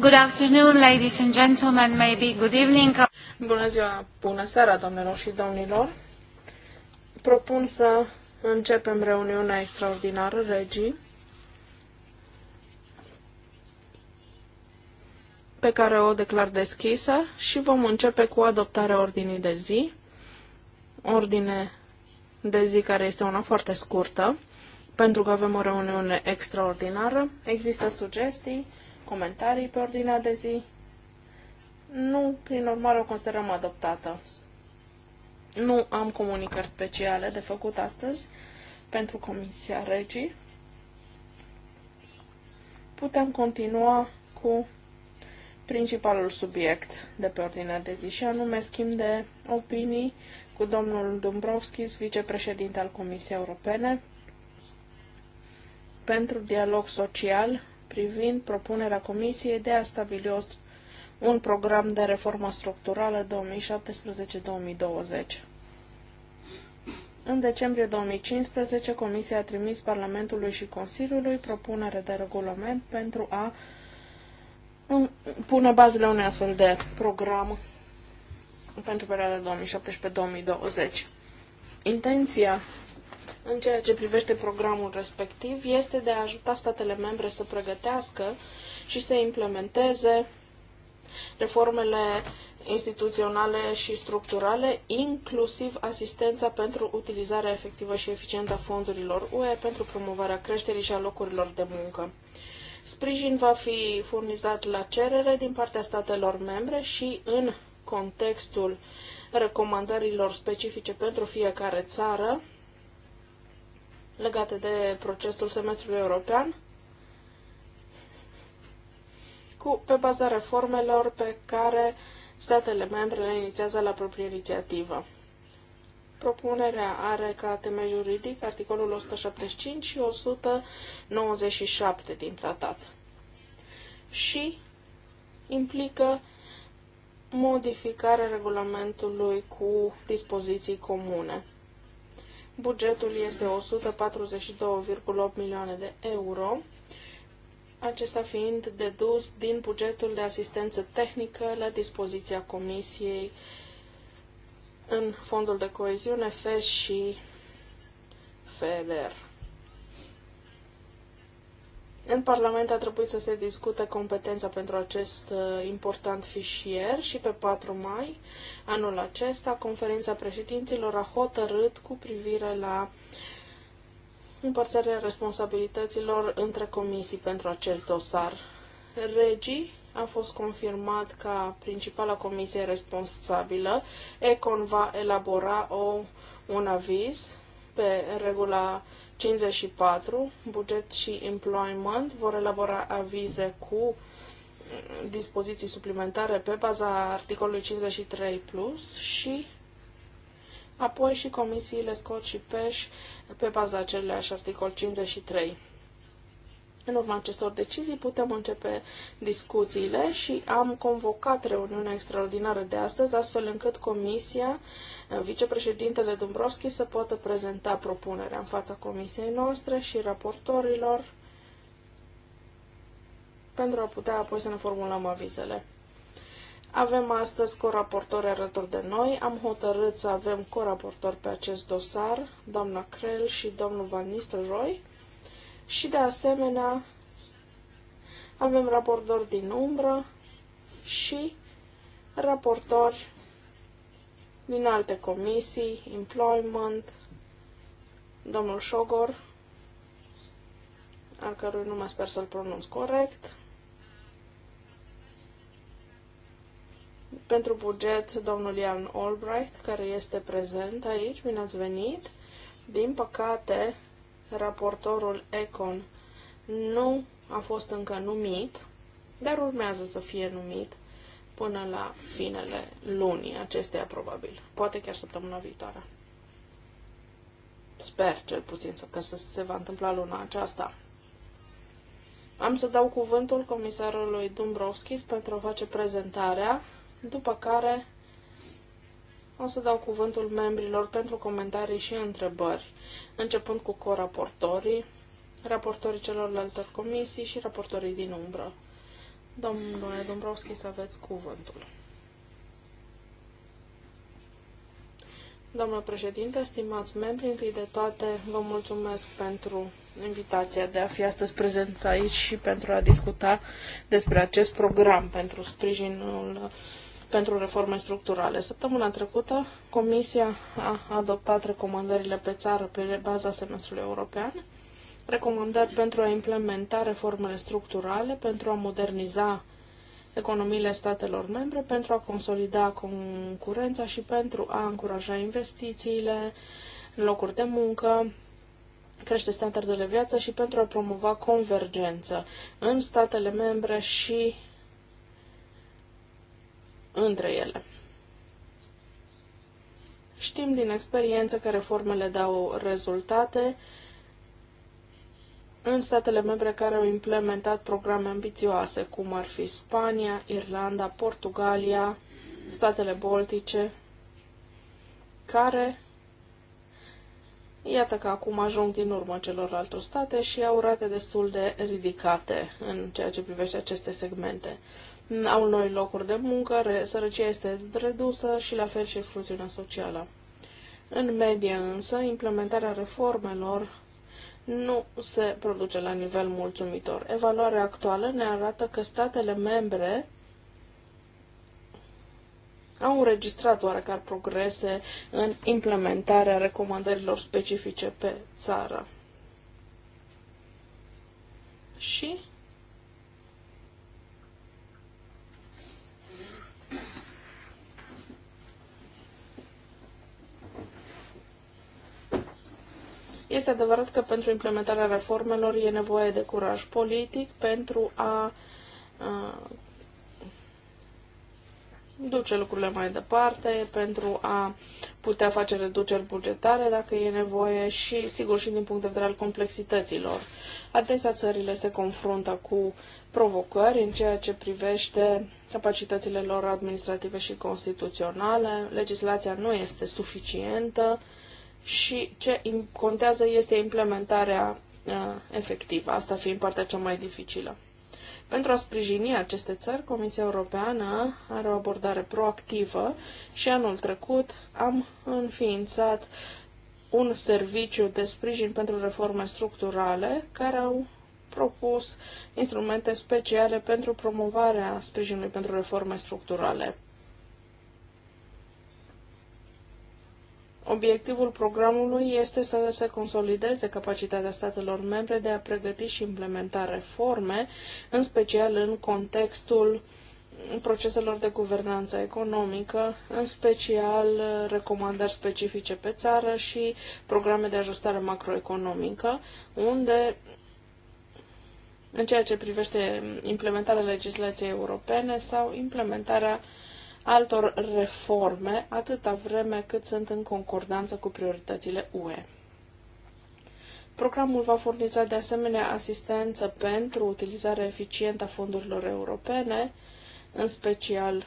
Good afternoon, ladies and gentlemen, maybe good evening. Bună ziua, bună seara, domnilor și domnilor. Propun să începem reuniunea extraordinară, regii, pe care o declar deschisă și vom începe cu adoptarea ordinii de zi. Ordine de zi care este una foarte scurtă, pentru că avem o reuniune extraordinară. Există sugestii? comentarii pe ordinea de zi? Nu, prin urmare o considerăm adoptată. Nu am comunicări speciale de făcut astăzi pentru Comisia Regii. Putem continua cu principalul subiect de pe ordinea de zi și anume schimb de opinii cu domnul Dumbrovskis, vicepreședinte al Comisiei Europene, pentru dialog social privind propunerea Comisiei de a stabili un program de reformă structurală 2017-2020. În decembrie 2015, Comisia a trimis Parlamentului și Consiliului propunere de regulament pentru a pune bazele unui astfel de program pentru perioada 2017-2020. Intenția în ceea ce privește programul respectiv este de a ajuta statele membre să pregătească și să implementeze reformele instituționale și structurale, inclusiv asistența pentru utilizarea efectivă și eficientă a fondurilor UE pentru promovarea creșterii și a locurilor de muncă. Sprijin va fi furnizat la cerere din partea statelor membre și în contextul recomandărilor specifice pentru fiecare țară, legate de procesul semestrului european, cu, pe baza reformelor pe care statele membre le inițiază la proprie inițiativă. Propunerea are ca teme juridic articolul 175 și 197 din tratat și implică modificarea regulamentului cu dispoziții comune. Bugetul este 142,8 milioane de euro, acesta fiind dedus din bugetul de asistență tehnică la dispoziția Comisiei în fondul de coeziune FES și FEDER. În Parlament a trebuit să se discute competența pentru acest uh, important fișier și pe 4 mai anul acesta conferința președinților a hotărât cu privire la împărțarea responsabilităților între comisii pentru acest dosar. Regii a fost confirmat ca principala comisie responsabilă. Econ va elabora o, un aviz pe regula 54, buget și employment, vor elabora avize cu dispoziții suplimentare pe baza articolului 53 plus și apoi și comisiile SCOT și PEș pe baza aceleași articol 53. În urma acestor decizii putem începe discuțiile și am convocat reuniunea extraordinară de astăzi, astfel încât Comisia, vicepreședintele Dumbrovski, să poată prezenta propunerea în fața Comisiei noastre și raportorilor pentru a putea apoi să ne formulăm avizele. Avem astăzi coraportori alături de noi. Am hotărât să avem coraportori pe acest dosar, doamna Crel și domnul Van Nistelrooy și de asemenea avem raportori din umbră și raportori din alte comisii, employment, domnul Șogor, al cărui nume sper să-l pronunț corect, pentru buget domnul Ian Albright, care este prezent aici, bine ați venit. Din păcate, raportorul Econ nu a fost încă numit, dar urmează să fie numit până la finele lunii acesteia probabil, poate chiar săptămâna viitoare. Sper cel puțin că se va întâmpla luna aceasta. Am să dau cuvântul comisarului Dumbrovskis pentru a face prezentarea, după care o să dau cuvântul membrilor pentru comentarii și întrebări, începând cu coraportorii, raportorii celorlalte comisii și raportorii din umbră. Domnule Dombrovski, să aveți cuvântul. Doamnă președinte, stimați membri, întâi de toate vă mulțumesc pentru invitația de a fi astăzi prezenți aici și pentru a discuta despre acest program pentru sprijinul pentru reforme structurale. Săptămâna trecută, Comisia a adoptat recomandările pe țară pe baza semestrului european, recomandări pentru a implementa reformele structurale, pentru a moderniza economiile statelor membre, pentru a consolida concurența și pentru a încuraja investițiile, locuri de muncă, crește standardele viață și pentru a promova convergență în statele membre și între ele. Știm din experiență că reformele dau rezultate în statele membre care au implementat programe ambițioase, cum ar fi Spania, Irlanda, Portugalia, statele Baltice, care Iată că acum ajung din urmă celorlalte state și au rate destul de ridicate în ceea ce privește aceste segmente au noi locuri de muncă, sărăcia este redusă și la fel și excluziunea socială. În medie însă, implementarea reformelor nu se produce la nivel mulțumitor. Evaluarea actuală ne arată că statele membre au înregistrat oarecare progrese în implementarea recomandărilor specifice pe țară. Și Este adevărat că pentru implementarea reformelor e nevoie de curaj politic pentru a, duce lucrurile mai departe, pentru a putea face reduceri bugetare dacă e nevoie și, sigur, și din punct de vedere al complexităților. Adesea țările se confruntă cu provocări în ceea ce privește capacitățile lor administrative și constituționale, legislația nu este suficientă, și ce contează este implementarea uh, efectivă, asta fiind partea cea mai dificilă. Pentru a sprijini aceste țări, Comisia Europeană are o abordare proactivă și anul trecut am înființat un serviciu de sprijin pentru reforme structurale care au propus instrumente speciale pentru promovarea sprijinului pentru reforme structurale. Obiectivul programului este să se consolideze capacitatea statelor membre de a pregăti și implementa reforme, în special în contextul proceselor de guvernanță economică, în special recomandări specifice pe țară și programe de ajustare macroeconomică, unde în ceea ce privește implementarea legislației europene sau implementarea uh, altor reforme atâta vreme cât sunt în concordanță cu prioritățile UE. Programul va furniza de asemenea asistență pentru utilizarea eficientă a fondurilor europene, în special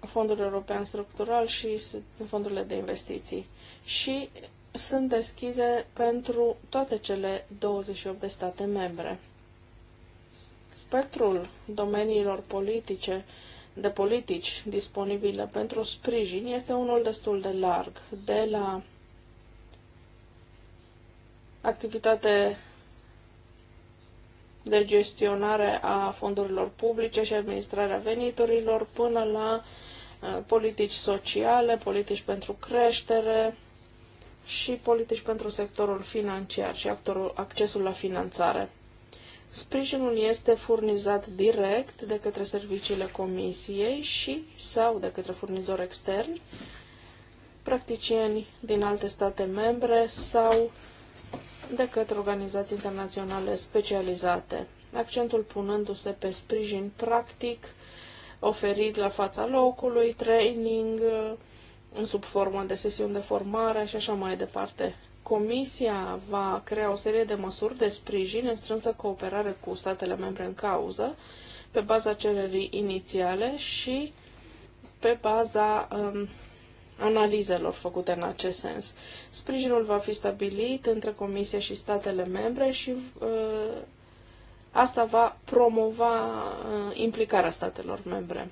fondul european structural și fondurile de investiții. Și sunt deschise pentru toate cele 28 de state membre. Spectrul domeniilor politice de politici disponibile pentru sprijin este unul destul de larg, de la activitate de gestionare a fondurilor publice și administrarea veniturilor până la uh, politici sociale, politici pentru creștere și politici pentru sectorul financiar și accesul la finanțare. Sprijinul este furnizat direct de către serviciile comisiei și sau de către furnizori externi, practicieni din alte state membre sau de către organizații internaționale specializate, accentul punându-se pe sprijin practic oferit la fața locului, training sub formă de sesiuni de formare și așa mai departe. Comisia va crea o serie de măsuri de sprijin în strânsă cooperare cu statele membre în cauză, pe baza cererii inițiale și pe baza um, analizelor făcute în acest sens. Sprijinul va fi stabilit între Comisie și statele membre și uh, asta va promova uh, implicarea statelor membre.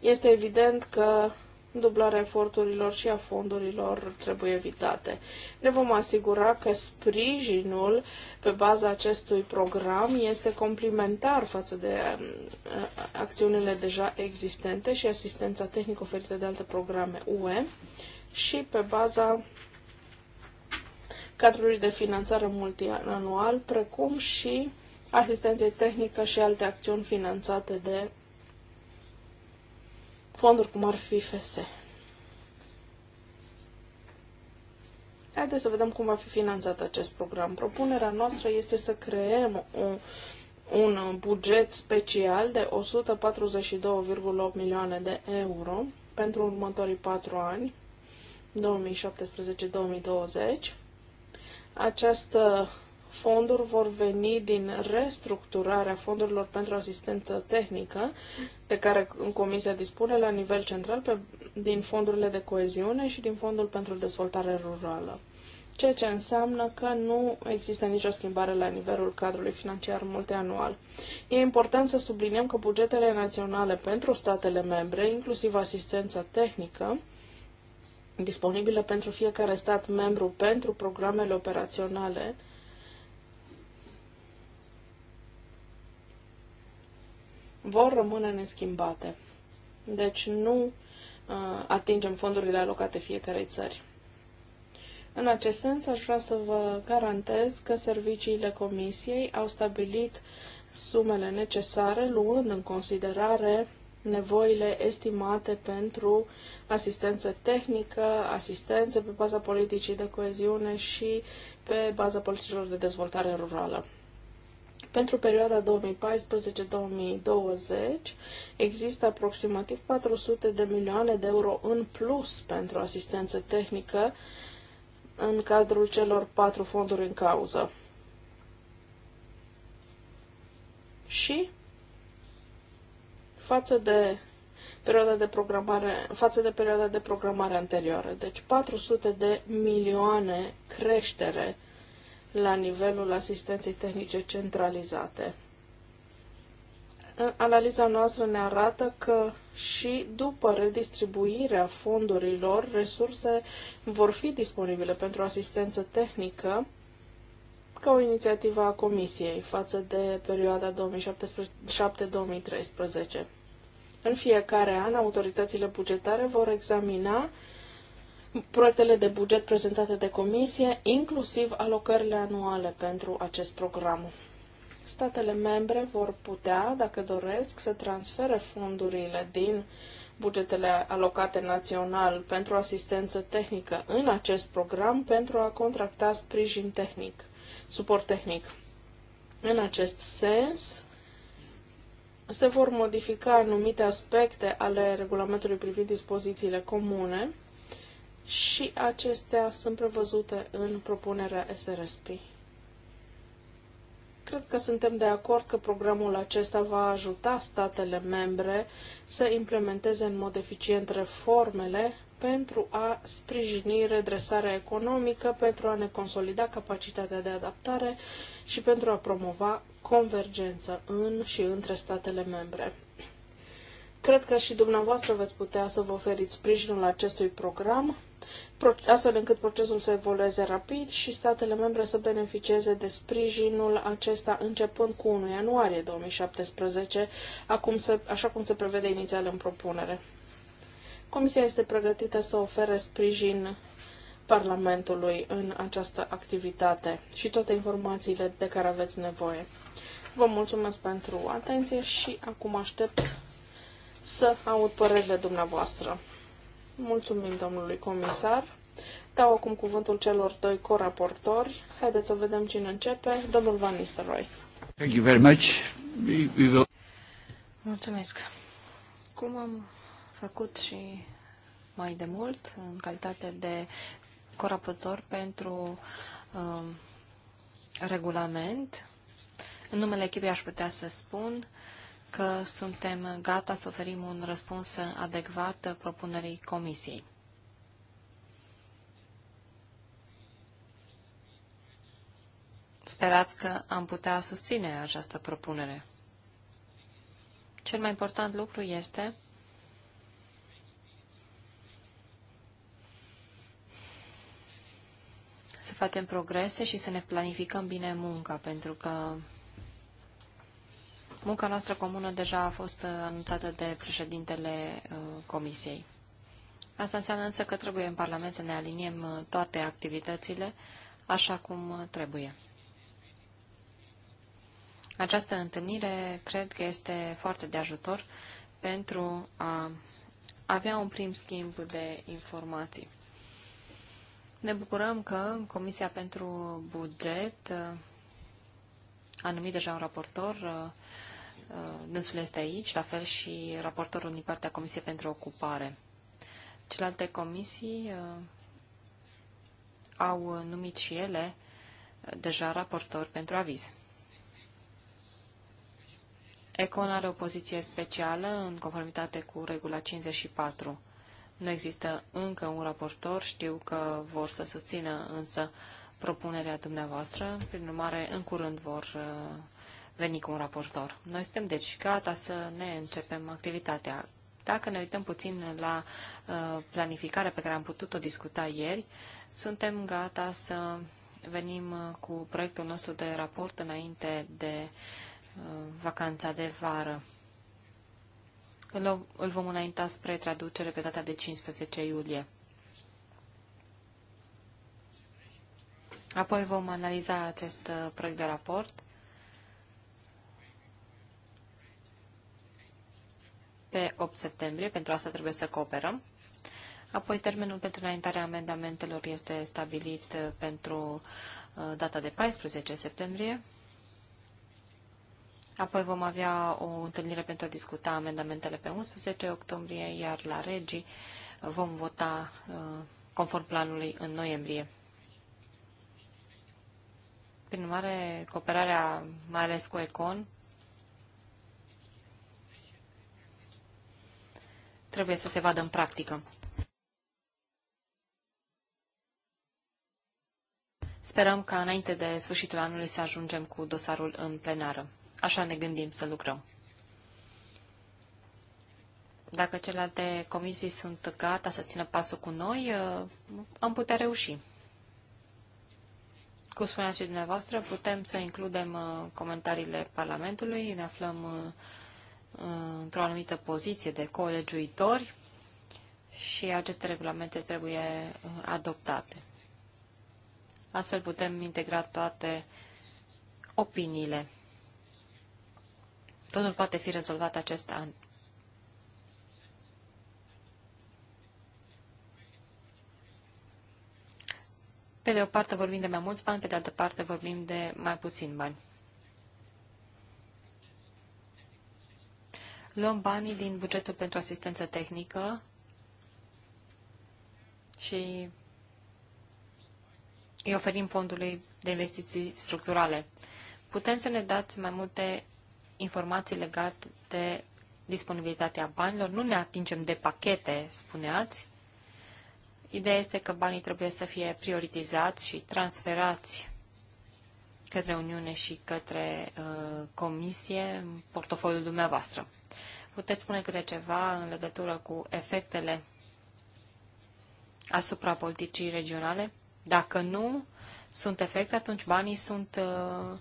Este evident că dublarea eforturilor și a fondurilor trebuie evitate. Ne vom asigura că sprijinul pe baza acestui program este complementar față de um, acțiunile deja existente și asistența tehnică oferită de alte programe UE și pe baza cadrului de finanțare multianual, precum și asistenței tehnică și alte acțiuni finanțate de fonduri cum ar fi FS. Haideți să vedem cum va fi finanțat acest program. Propunerea noastră este să creăm un, un buget special de 142,8 milioane de euro pentru următorii patru ani, 2017-2020. Această fonduri vor veni din restructurarea fondurilor pentru asistență tehnică, de care Comisia dispune la nivel central, pe, din fondurile de coeziune și din fondul pentru dezvoltare rurală. Ceea ce înseamnă că nu există nicio schimbare la nivelul cadrului financiar multianual. E important să subliniem că bugetele naționale pentru statele membre, inclusiv asistența tehnică, disponibilă pentru fiecare stat membru pentru programele operaționale, vor rămâne neschimbate. Deci nu uh, atingem fondurile alocate fiecarei țări. În acest sens, aș vrea să vă garantez că serviciile Comisiei au stabilit sumele necesare, luând în considerare nevoile estimate pentru asistență tehnică, asistență pe baza politicii de coeziune și pe baza politicilor de dezvoltare rurală. Pentru perioada 2014-2020 există aproximativ 400 de milioane de euro în plus pentru asistență tehnică în cadrul celor patru fonduri în cauză. Și față de perioada de programare, față de perioada de programare anterioară. Deci 400 de milioane creștere la nivelul asistenței tehnice centralizate. Analiza noastră ne arată că și după redistribuirea fondurilor, resurse vor fi disponibile pentru asistență tehnică ca o inițiativă a Comisiei față de perioada 2007-2013. În fiecare an, autoritățile bugetare vor examina proiectele de buget prezentate de comisie, inclusiv alocările anuale pentru acest program. Statele membre vor putea, dacă doresc, să transfere fondurile din bugetele alocate național pentru asistență tehnică în acest program pentru a contracta sprijin tehnic, suport tehnic. În acest sens, se vor modifica anumite aspecte ale regulamentului privind dispozițiile comune, și acestea sunt prevăzute în propunerea SRSP. Cred că suntem de acord că programul acesta va ajuta statele membre să implementeze în mod eficient reformele pentru a sprijini redresarea economică, pentru a ne consolida capacitatea de adaptare și pentru a promova convergență în și între statele membre. Cred că și dumneavoastră veți putea să vă oferiți sprijinul acestui program astfel încât procesul să evolueze rapid și statele membre să beneficieze de sprijinul acesta începând cu 1 ianuarie 2017, acum se, așa cum se prevede inițial în propunere. Comisia este pregătită să ofere sprijin Parlamentului în această activitate și toate informațiile de care aveți nevoie. Vă mulțumesc pentru atenție și acum aștept să aud părerile dumneavoastră. Mulțumim domnului comisar. Dau acum cuvântul celor doi coraportori. Haideți să vedem cine începe. Domnul Van Nistelrooy. Thank you very much. We, we will... Mulțumesc. Cum am făcut și mai de mult în calitate de coraportor pentru uh, regulament, în numele echipei aș putea să spun că suntem gata să oferim un răspuns adecvat propunerii Comisiei. Sperați că am putea susține această propunere. Cel mai important lucru este să facem progrese și să ne planificăm bine munca, pentru că Munca noastră comună deja a fost uh, anunțată de președintele uh, Comisiei. Asta înseamnă însă că trebuie în Parlament să ne aliniem uh, toate activitățile așa cum trebuie. Această întâlnire cred că este foarte de ajutor pentru a avea un prim schimb de informații. Ne bucurăm că Comisia pentru Buget a numit deja un raportor Uh, dânsul este aici, la fel și raportorul din partea Comisiei pentru Ocupare. Celelalte comisii uh, au numit și ele uh, deja raportori pentru aviz. Econ are o poziție specială în conformitate cu regula 54. Nu există încă un raportor, știu că vor să susțină însă propunerea dumneavoastră, prin urmare în curând vor veni cu un raportor. Noi suntem deci gata să ne începem activitatea. Dacă ne uităm puțin la uh, planificarea pe care am putut-o discuta ieri, suntem gata să venim uh, cu proiectul nostru de raport înainte de uh, vacanța de vară. Îl vom înainta spre traducere pe data de 15 iulie. Apoi vom analiza acest proiect de raport pe 8 septembrie, pentru asta trebuie să cooperăm. Apoi termenul pentru înaintarea amendamentelor este stabilit uh, pentru uh, data de 14 septembrie. Apoi vom avea o întâlnire pentru a discuta amendamentele pe 11 octombrie, iar la regii vom vota uh, conform planului în noiembrie. Prin urmare, cooperarea, mai ales cu ECON, trebuie să se vadă în practică. Sperăm ca înainte de sfârșitul anului să ajungem cu dosarul în plenară. Așa ne gândim să lucrăm. Dacă celelalte comisii sunt gata să țină pasul cu noi, uh, am putea reuși. Cum spuneați și dumneavoastră, putem să includem uh, comentariile Parlamentului, ne aflăm uh, într-o anumită poziție de colegiuitori și aceste regulamente trebuie uh, adoptate. Astfel putem integra toate opiniile. Totul poate fi rezolvat acest an. Pe de o parte vorbim de mai mulți bani, pe de altă parte vorbim de mai puțin bani. luăm banii din bugetul pentru asistență tehnică și îi oferim fondului de investiții structurale. Putem să ne dați mai multe informații legate de disponibilitatea banilor. Nu ne atingem de pachete, spuneați. Ideea este că banii trebuie să fie prioritizați și transferați către Uniune și către uh, Comisie în portofoliul dumneavoastră. Puteți spune câte ceva în legătură cu efectele asupra politicii regionale? Dacă nu sunt efecte, atunci banii sunt uh,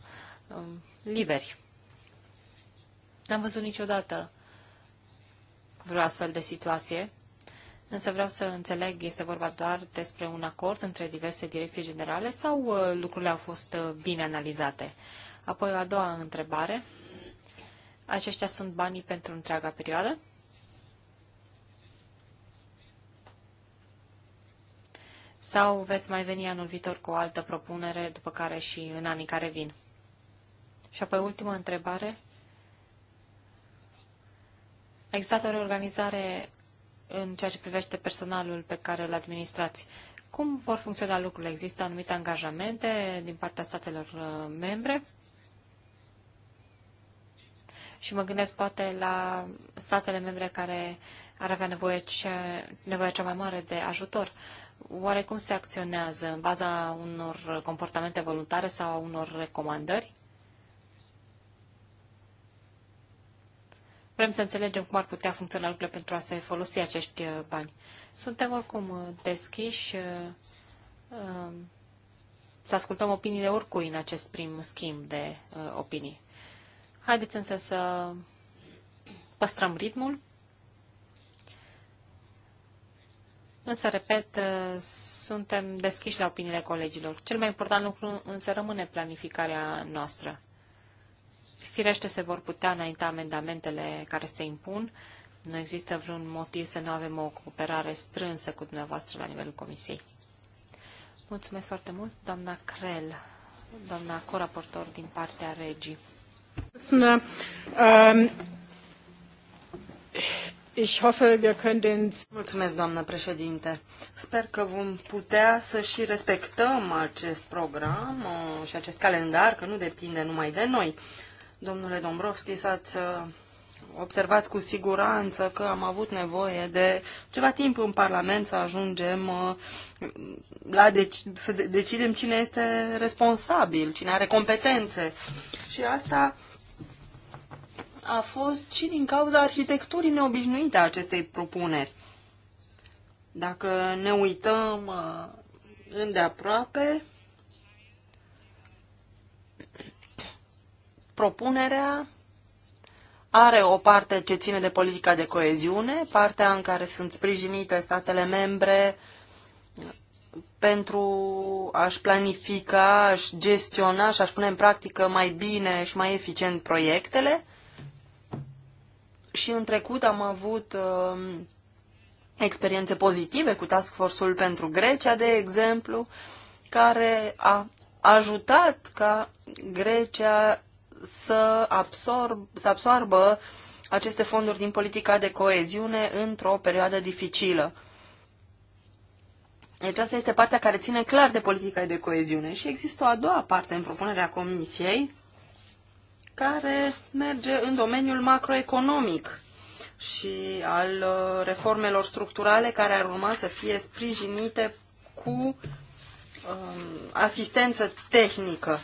um, liberi. N-am văzut niciodată vreo astfel de situație, însă vreau să înțeleg, este vorba doar despre un acord între diverse direcții generale sau uh, lucrurile au fost uh, bine analizate? Apoi a doua întrebare aceștia sunt banii pentru întreaga perioadă. Sau veți mai veni anul viitor cu o altă propunere, după care și în anii care vin? Și apoi ultima întrebare. A existat o reorganizare în ceea ce privește personalul pe care îl administrați. Cum vor funcționa lucrurile? Există anumite angajamente din partea statelor uh, membre? și mă gândesc poate la statele membre care ar avea nevoie, ce, nevoie cea mai mare de ajutor. Oare cum se acționează? În baza unor comportamente voluntare sau unor recomandări? Vrem să înțelegem cum ar putea funcționa lucrurile pentru a se folosi acești uh, bani. Suntem oricum uh, deschiși uh, să ascultăm opiniile oricui în acest prim schimb de opinii. Haideți însă să păstrăm ritmul. Însă, repet, suntem deschiși la opiniile colegilor. Cel mai important lucru însă rămâne planificarea noastră. Firește se vor putea înainta amendamentele care se impun. Nu există vreun motiv să nu avem o cooperare strânsă cu dumneavoastră la nivelul comisiei. Mulțumesc foarte mult, doamna Crel, doamna coraportor din partea regii. Ähm, Mulțumesc, doamnă președinte. Sper că vom putea să și respectăm acest program uh, și acest calendar, că nu depinde numai de noi. Domnule Dombrovskis, ați uh, observat cu siguranță că am avut nevoie de ceva timp în Parlament să ajungem uh, la deci să decidem cine este responsabil, cine are competențe. Și asta a fost și din cauza arhitecturii neobișnuite a acestei propuneri. Dacă ne uităm uh, îndeaproape, propunerea are o parte ce ține de politica de coeziune, partea în care sunt sprijinite statele membre pentru a-și planifica, a-și gestiona și a-și pune în practică mai bine și mai eficient proiectele și în trecut am avut uh, experiențe pozitive cu Task Force-ul pentru Grecia, de exemplu, care a ajutat ca Grecia să, absorb, să absorbă aceste fonduri din politica de coeziune într-o perioadă dificilă. Deci asta este partea care ține clar de politica de coeziune și există o a doua parte în propunerea Comisiei care merge în domeniul macroeconomic și al uh, reformelor structurale care ar urma să fie sprijinite cu um, asistență tehnică.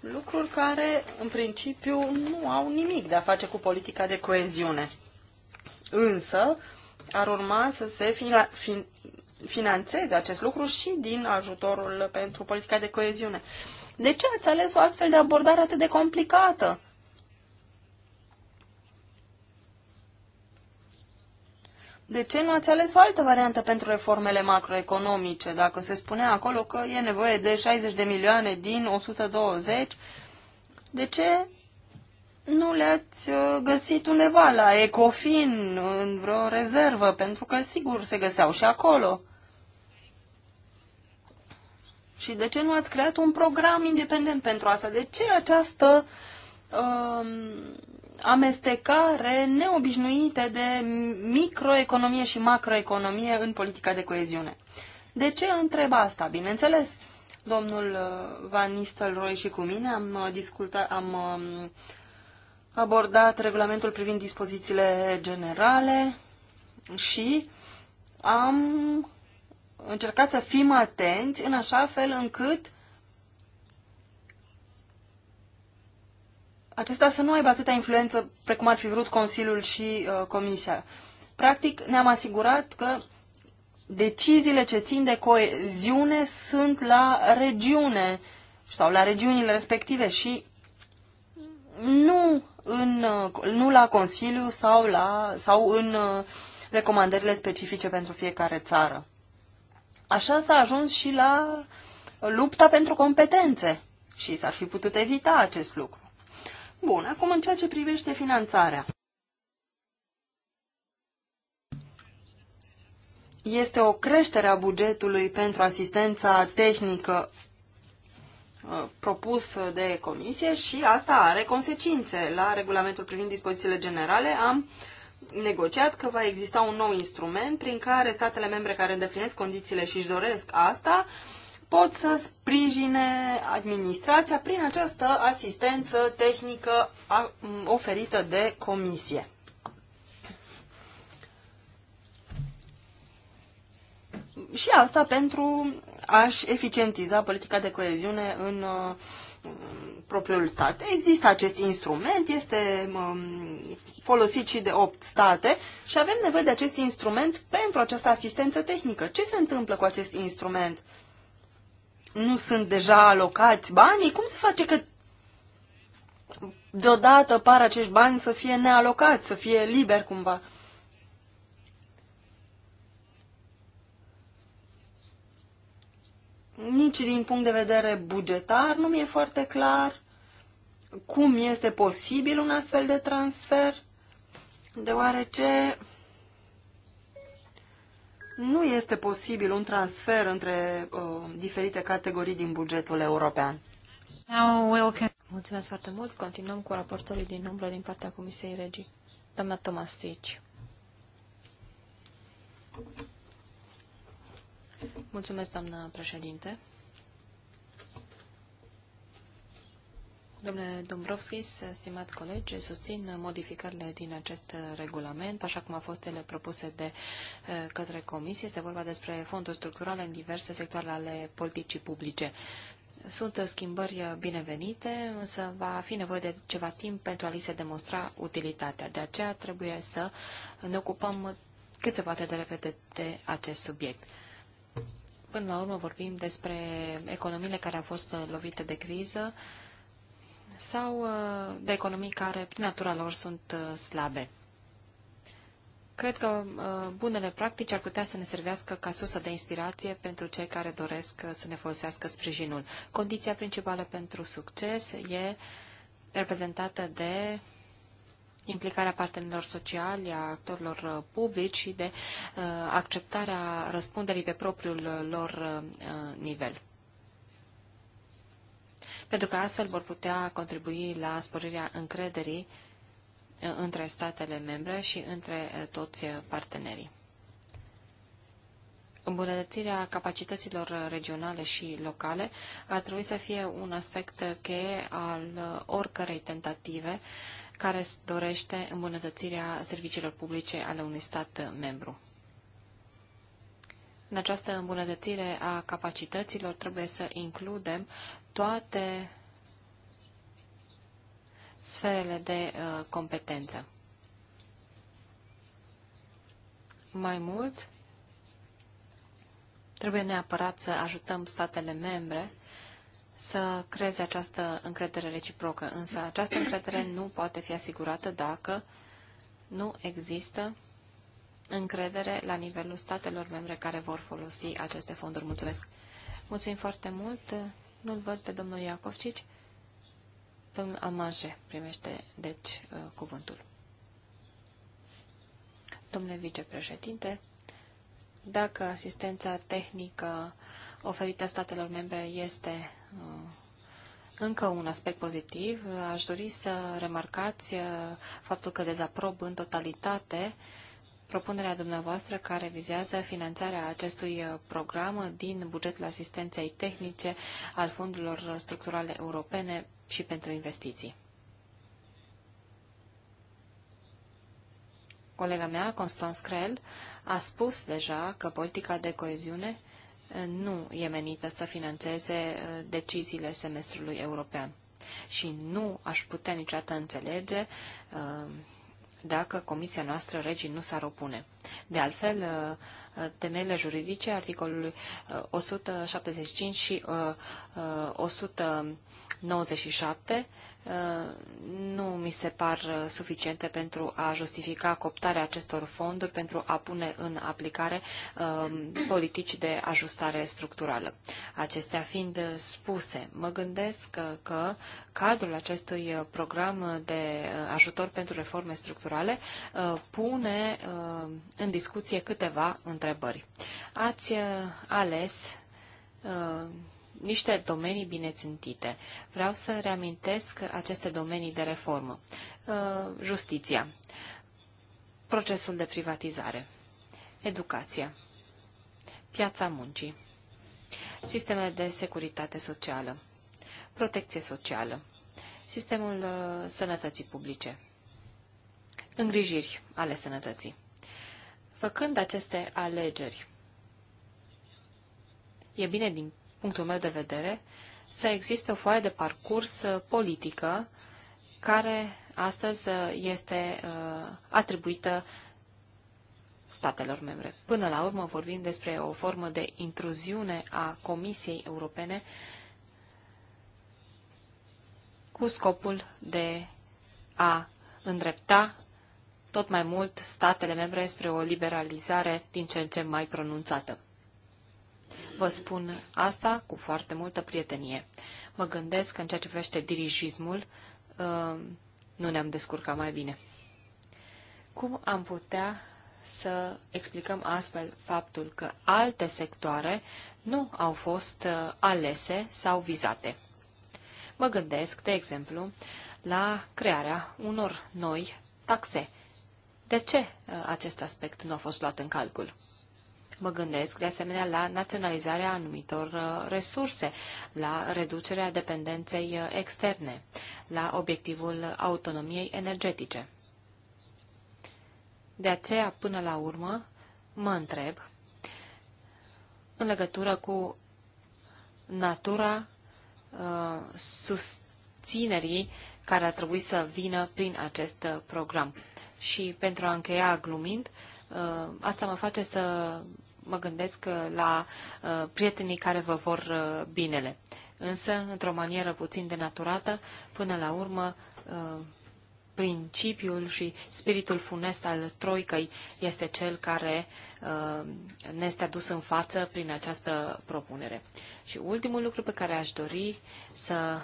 Lucruri care, în principiu, nu au nimic de a face cu politica de coeziune. Însă, ar urma să se fina, fin, finanțeze acest lucru și din ajutorul pentru politica de coeziune. De ce ați ales o astfel de abordare atât de complicată? De ce nu ați ales o altă variantă pentru reformele macroeconomice, dacă se spune acolo că e nevoie de 60 de milioane din 120? De ce nu le-ați uh, găsit undeva la Ecofin, în vreo rezervă, pentru că sigur se găseau și acolo. Și de ce nu ați creat un program independent pentru asta? De ce această um, amestecare neobișnuită de microeconomie și macroeconomie în politica de coeziune? De ce întreb asta? Bineînțeles, domnul uh, Van Nistelrooy și cu mine am uh, discutat, am um, abordat regulamentul privind dispozițiile generale și am încercat să fim atenți în așa fel încât acesta să nu aibă atâta influență precum ar fi vrut Consiliul și uh, Comisia. Practic, ne-am asigurat că deciziile ce țin de coeziune sunt la regiune sau la regiunile respective și nu, în, uh, nu la Consiliu sau, la, sau în uh, recomandările specifice pentru fiecare țară așa s-a ajuns și la lupta pentru competențe și s-ar fi putut evita acest lucru. Bun, acum în ceea ce privește finanțarea. Este o creștere a bugetului pentru asistența tehnică uh, propus de comisie și asta are consecințe. La regulamentul privind dispozițiile generale am uh, negociat că va exista un nou instrument prin care statele membre care îndeplinesc condițiile și își doresc asta pot să sprijine administrația prin această asistență tehnică oferită de comisie. Și asta pentru a-și eficientiza politica de coeziune în uh, propriul stat. Există acest instrument, este um, folosit și de opt state și avem nevoie de acest instrument pentru această asistență tehnică. Ce se întâmplă cu acest instrument? Nu sunt deja alocați banii? Cum se face că deodată par acești bani să fie nealocați, să fie liberi cumva? nici din punct de vedere bugetar nu mi-e foarte clar cum este posibil un astfel de transfer, deoarece nu este posibil un transfer între uh, diferite categorii din bugetul european. Mulțumesc foarte mult. Continuăm cu raportorii din umbră din partea Comisiei Regii. Doamna Tomasici. Mulțumesc, doamnă președinte. Domnule Dombrovskis, stimați colegi, susțin modificările din acest regulament, așa cum au fost ele propuse de eh, către Comisie. Este vorba despre fonduri structurale în diverse sectoare ale politicii publice. Sunt schimbări binevenite, însă va fi nevoie de ceva timp pentru a li se demonstra utilitatea. De aceea trebuie să ne ocupăm cât se poate de repede de acest subiect. Până la urmă vorbim despre economiile care au fost uh, lovite de criză sau uh, de economii care, prin natura lor, sunt uh, slabe. Cred că bunele practici ar putea să ne servească ca sursă de inspirație pentru cei care doresc să ne folosească sprijinul. Condiția principală pentru succes e reprezentată de implicarea partenerilor sociali, a actorilor uh, publici și de uh, acceptarea răspunderii pe propriul uh, lor nivel pentru că astfel vor putea contribui la sporirea încrederii între statele membre și între toți partenerii. Îmbunătățirea capacităților regionale și locale ar trebui să fie un aspect cheie al oricărei tentative uh, care dorește îmbunătățirea serviciilor publice ale unui stat membru. În această îmbunătățire a capacităților trebuie să includem toate sferele de uh, competență. Mai mult, trebuie neapărat să ajutăm statele membre să creeze această încredere reciprocă, însă această încredere nu poate fi asigurată dacă nu există încredere la nivelul statelor membre care vor folosi aceste fonduri. Mulțumesc! Mulțumim foarte mult! Nu-l văd pe domnul Iacovcici. Domnul Amaje primește, deci, uh, cuvântul. Domnule vicepreședinte, dacă asistența tehnică oferită statelor membre este uh, încă un aspect pozitiv. Aș dori să remarcați uh, faptul că dezaprob în totalitate propunerea dumneavoastră care vizează finanțarea acestui uh, program din bugetul asistenței tehnice al fondurilor structurale europene și pentru investiții. Colega mea, Constance Crel, a spus deja că politica de coeziune nu e menită să financeze uh, deciziile semestrului european. Și nu aș putea niciodată înțelege uh, dacă comisia noastră regii nu s-ar opune. De altfel, uh, temele juridice, articolul 175 și 197, Uh, nu mi se par uh, suficiente pentru a justifica cooptarea acestor fonduri pentru a pune în aplicare um, politici de ajustare structurală. Acestea fiind spuse, mă gândesc uh, că cadrul acestui program de ajutor pentru reforme structurale pune în discuție câteva întrebări. Ați ales niște domenii bine țintite. Vreau să reamintesc aceste domenii de reformă. Uh, justiția, procesul de privatizare, educația, piața muncii, sistemele de securitate socială, protecție socială, sistemul uh, sănătății publice, îngrijiri ale sănătății. Făcând aceste alegeri, e bine din punctul meu de vedere, să existe o foaie de parcurs uh, politică care astăzi uh, este uh, atribuită statelor membre. Până la urmă vorbim despre o formă de intruziune a Comisiei Europene cu scopul de a îndrepta tot mai mult statele membre spre o liberalizare din ce în ce mai pronunțată vă spun asta cu foarte multă prietenie. Mă gândesc că în ceea ce privește dirijismul, uh, nu ne-am descurcat mai bine. Cum am putea să explicăm astfel faptul că alte sectoare nu au fost uh, alese sau vizate? Mă gândesc, de exemplu, la crearea unor noi taxe. De ce uh, acest aspect nu a fost luat în calcul? Mă gândesc, de asemenea, la naționalizarea anumitor uh, resurse, la reducerea dependenței uh, externe, la obiectivul autonomiei energetice. De aceea, până la urmă, mă întreb în legătură cu natura uh, susținerii care ar trebui să vină prin acest uh, program. Și pentru a încheia glumind, uh, asta mă face să mă gândesc uh, la uh, prietenii care vă vor uh, binele. Însă, într-o manieră puțin denaturată, până la urmă, principiul și spiritul funest al troicăi este cel care ne este adus în față prin această propunere. Și ultimul lucru pe care aș dori să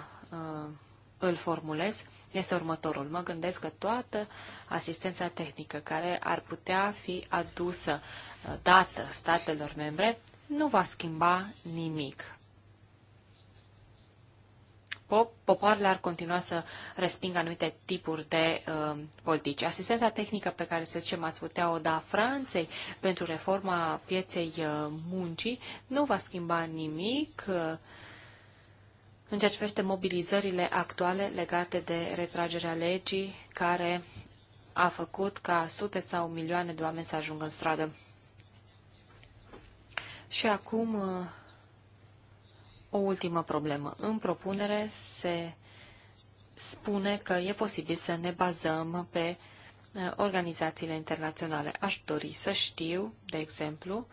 îl formulez este următorul. Mă gândesc că toată asistența tehnică care ar putea fi adusă uh, dată statelor membre nu va schimba nimic. Popoarele ar continua să respingă anumite tipuri de uh, politici. Asistența tehnică pe care, să zicem, ați putea o da Franței pentru reforma pieței uh, muncii nu va schimba nimic. Uh, în ceea ce privește mobilizările actuale legate de retragerea legii care a făcut ca sute sau milioane de oameni să ajungă în stradă. Și acum o ultimă problemă. În propunere se spune că e posibil să ne bazăm pe eh, organizațiile internaționale. Aș dori să știu, de exemplu,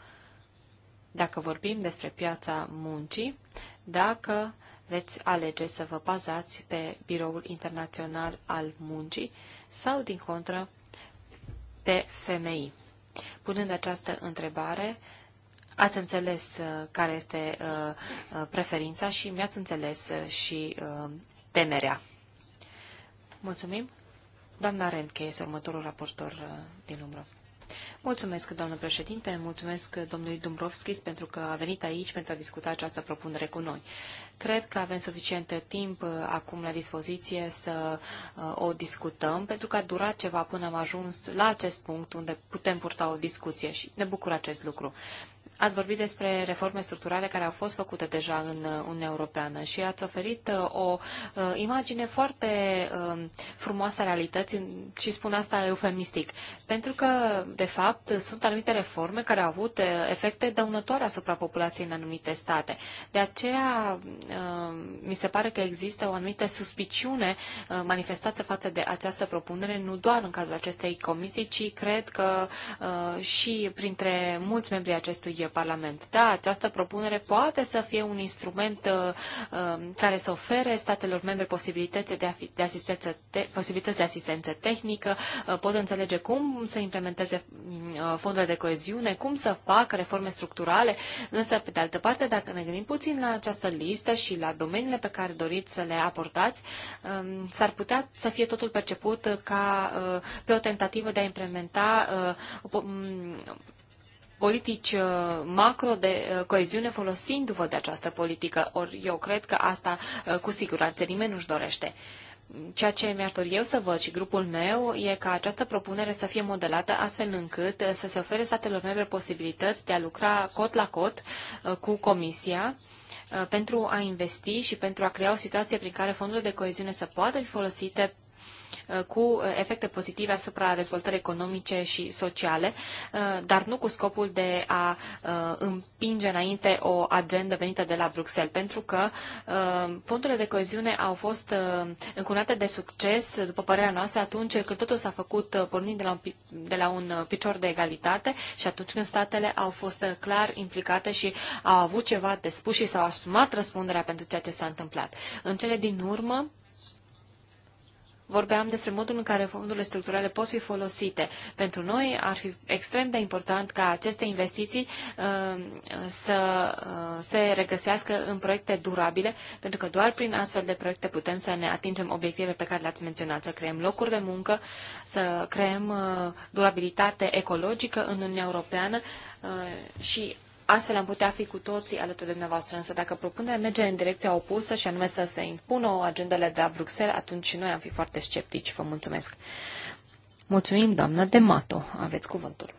dacă vorbim despre piața muncii, dacă veți alege să vă bazați pe Biroul Internațional al Muncii sau, din contră, pe femei? Punând această întrebare, ați înțeles uh, care este uh, uh, preferința și mi-ați înțeles și temerea. Mulțumim. Doamna Rentke este următorul raportor din umbră. Mulțumesc, doamnă președinte, mulțumesc domnului Dumbrovskis pentru că a venit aici pentru a discuta această propunere cu noi. Cred că avem suficient timp uh, acum la dispoziție să uh, o discutăm, pentru că a durat ceva până am ajuns la acest punct unde putem purta o discuție și ne bucură acest lucru. Ați vorbit despre reforme structurale care au fost făcute deja în uh, Uniunea Europeană și ați oferit uh, o uh, imagine foarte um, frumoasă a realității și spun asta eufemistic, pentru că, de fapt, sunt anumite reforme care au avut efecte dăunătoare asupra populației în anumite state. De aceea, um, mi se pare că există o anumită suspiciune manifestată față de această propunere, nu doar în cazul acestei comisii, ci cred că și printre mulți membri acestui Parlament. Da, această propunere poate să fie un instrument uh, uh, care să ofere statelor membre posibilități de, de, asistență, te, posibilități de asistență tehnică, uh, pot înțelege cum să implementeze mm, fondurile de coeziune, cum să facă reforme structurale, însă, pe de altă parte, dacă ne gândim puțin la această listă și la domeniile pe care doriți să le aportați, um, s-ar putea să fie totul perceput ca pe o tentativă de a implementa politici uh, macro de uh, coeziune folosindu-vă de această politică. Ori eu cred că asta uh, cu siguranță nimeni nu-și dorește. Ceea ce mi-aș dori eu să văd și grupul meu e ca această propunere să fie modelată astfel încât să se ofere statelor membre posibilități de a lucra cot la cot cu Comisia pentru a investi și pentru a crea o situație prin care fondurile de coeziune să poată fi folosite Uh, cu efecte pozitive asupra dezvoltării economice și sociale, uh, dar nu cu scopul de a uh, împinge înainte o agendă venită de la Bruxelles, pentru că fondurile de coeziune au fost încunate de succes, după părerea noastră, atunci când totul s-a făcut pornind de la, un, de la un picior de egalitate și atunci când statele au fost clar implicate și au avut ceva de spus și s-au asumat răspunderea pentru ceea ce s-a întâmplat. În cele din urmă, vorbeam despre modul în care fondurile structurale pot fi folosite. Pentru noi ar fi extrem de important ca aceste investiții uh, să uh, se regăsească în proiecte durabile, pentru că doar prin astfel de proiecte putem să ne atingem obiectivele pe care le-ați menționat, să creăm locuri de muncă, să creăm uh, durabilitate ecologică în Uniunea Europeană și Astfel am putea fi cu toții alături de dumneavoastră, însă dacă propunerea merge în direcția opusă și anume să se impună o agendele de la Bruxelles, atunci și noi am fi foarte sceptici. Vă mulțumesc. Mulțumim, doamnă Demato. Aveți cuvântul.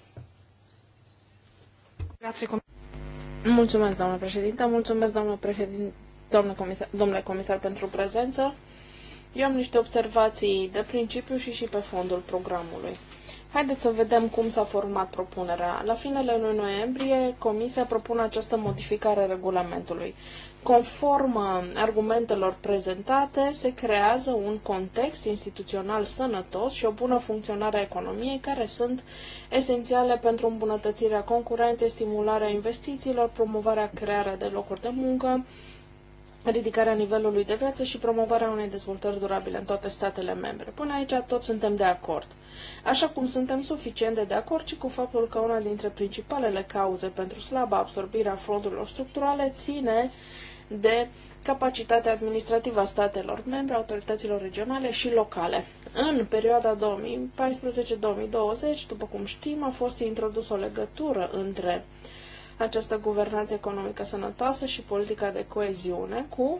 Mulțumesc, doamnă președinte. Mulțumesc, doamnă președinte, doamnă comisar, domnule comisar, pentru prezență. Eu am niște observații de principiu și și pe fondul programului. Haideți să vedem cum s-a format propunerea. La finele lui noiembrie, Comisia propune această modificare a regulamentului. Conform argumentelor prezentate, se creează un context instituțional sănătos și o bună funcționare a economiei, care sunt esențiale pentru îmbunătățirea concurenței, stimularea investițiilor, promovarea crearea de locuri de muncă, ridicarea nivelului de viață și promovarea unei dezvoltări durabile în toate statele membre. Până aici toți suntem de acord. Așa cum suntem suficient de, de acord și cu faptul că una dintre principalele cauze pentru slaba absorbire a fondurilor structurale ține de capacitatea administrativă a statelor membre, autorităților regionale și locale. În perioada 2014-2020, după cum știm, a fost introdusă o legătură între uh, această guvernanță economică sănătoasă și politica de coeziune cu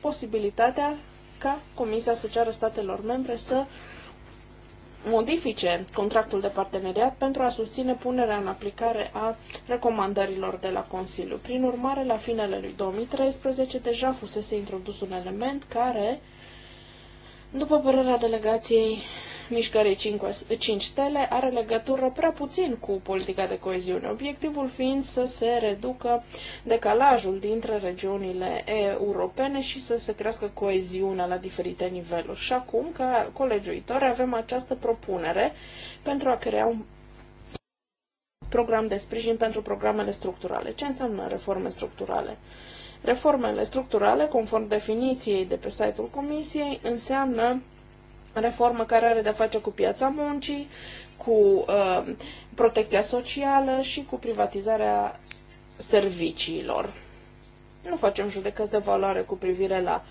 posibilitatea ca Comisia să ceară statelor membre să modifice contractul de parteneriat pentru a susține punerea în aplicare a recomandărilor de la Consiliu. Prin urmare, la finele lui 2013 deja fusese introdus un element care după părerea delegației, mișcării 5 stele are legătură prea puțin cu politica de coeziune, obiectivul fiind să se reducă decalajul dintre regiunile europene și să se crească coeziunea la diferite niveluri. Și acum, ca colegiuitori, avem această propunere pentru a crea un program de sprijin pentru programele structurale. Ce înseamnă reforme structurale? Reformele structurale, conform definiției de pe site-ul Comisiei, înseamnă reformă care are de-a face cu piața muncii, cu uh, protecția socială și cu privatizarea serviciilor. Nu facem judecăți de valoare cu privire la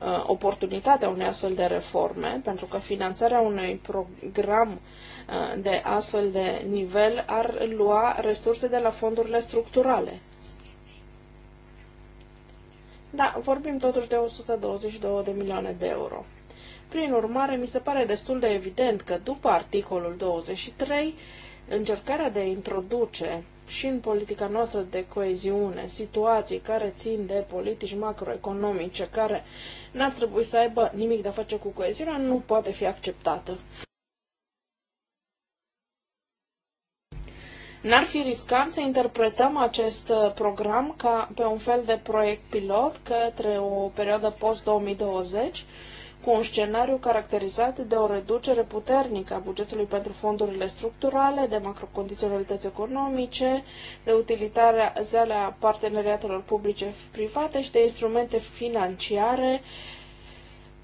uh, oportunitatea unei astfel de reforme, pentru că finanțarea unui program uh, de astfel de nivel ar lua resurse de la fondurile structurale da, vorbim totuși de 122 de milioane de euro. Prin urmare, mi se pare destul de evident că după articolul 23, încercarea de a introduce și în politica noastră de coeziune situații care țin de politici macroeconomice, care n-ar trebui să aibă nimic de a face cu coeziunea, nu poate fi acceptată. N-ar fi riscant să interpretăm acest uh, program ca pe un fel de proiect pilot către o perioadă post-2020, cu un scenariu caracterizat de o reducere puternică a bugetului pentru fondurile structurale, de macrocondiționalități economice, de utilitarea parteneriatelor publice-private și de instrumente financiare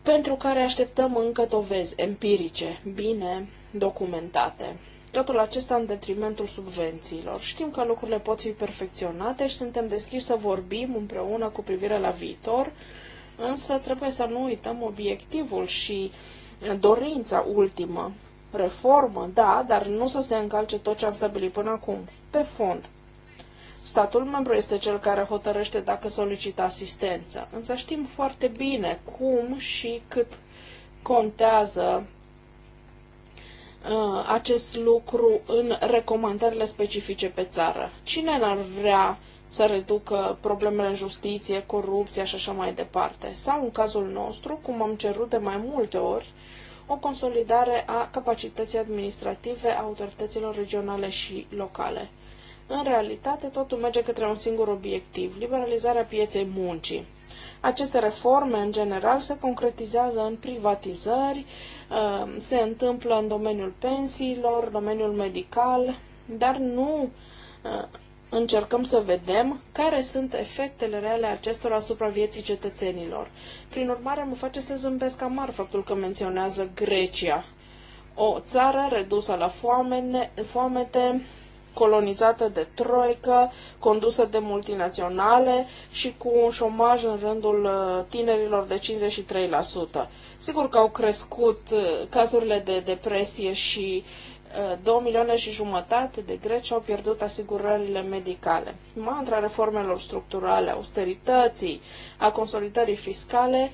pentru care așteptăm încă dovezi empirice, bine documentate totul acesta în detrimentul subvențiilor. Știm că lucrurile pot fi perfecționate și suntem deschiși să vorbim împreună cu privire la viitor, însă trebuie să nu uităm obiectivul și dorința ultimă. Reformă, da, dar nu să se încalce tot ce am stabilit până acum. Pe fond, Statul membru este cel care hotărăște dacă solicită asistență, însă știm foarte bine cum și cât contează Uh, acest lucru în recomandările specifice pe țară. Cine n-ar vrea să reducă problemele justiție, corupția și așa mai departe? Sau, în cazul nostru, cum am cerut de mai multe ori, o consolidare a capacității administrative a autorităților regionale și locale. În realitate, totul merge către un singur obiectiv, liberalizarea pieței muncii. Aceste reforme, în general, se concretizează în privatizări, uh, se întâmplă în domeniul pensiilor, domeniul medical, dar nu uh, încercăm să vedem care sunt efectele reale acestora asupra vieții cetățenilor. Prin urmare, mă face să zâmbesc amar faptul că menționează Grecia, o țară redusă la foamene, foamete, colonizată de troică, condusă de multinaționale și cu un șomaj în rândul uh, tinerilor de 53%. Sigur că au crescut uh, cazurile de depresie și uh, 2 eh, milioane și jumătate de greci au pierdut asigurările medicale. Mantra reformelor structurale, austerității, a consolidării fiscale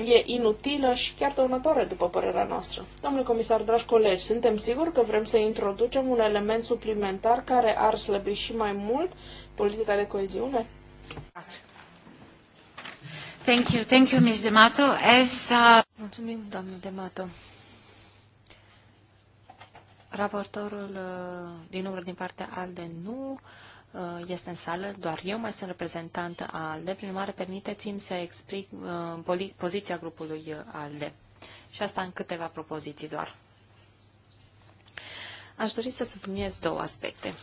eh, e inutilă și chiar dăunătoare, după părerea noastră. Domnule comisar, dragi colegi, suntem siguri că vrem să introducem un element suplimentar care ar slăbi și mai mult politica de coeziune? Thank you, thank you, Ms. Demato. As, uh... Mulțumim, doamnă Demato. Raportorul uh, din număr din partea ALDE nu uh, este în sală, doar eu mai sunt reprezentantă a ALDE, prin urmare permiteți-mi să explic uh, poziția grupului ALDE. Și asta în câteva propoziții doar. Aș dori să subliniez două aspecte.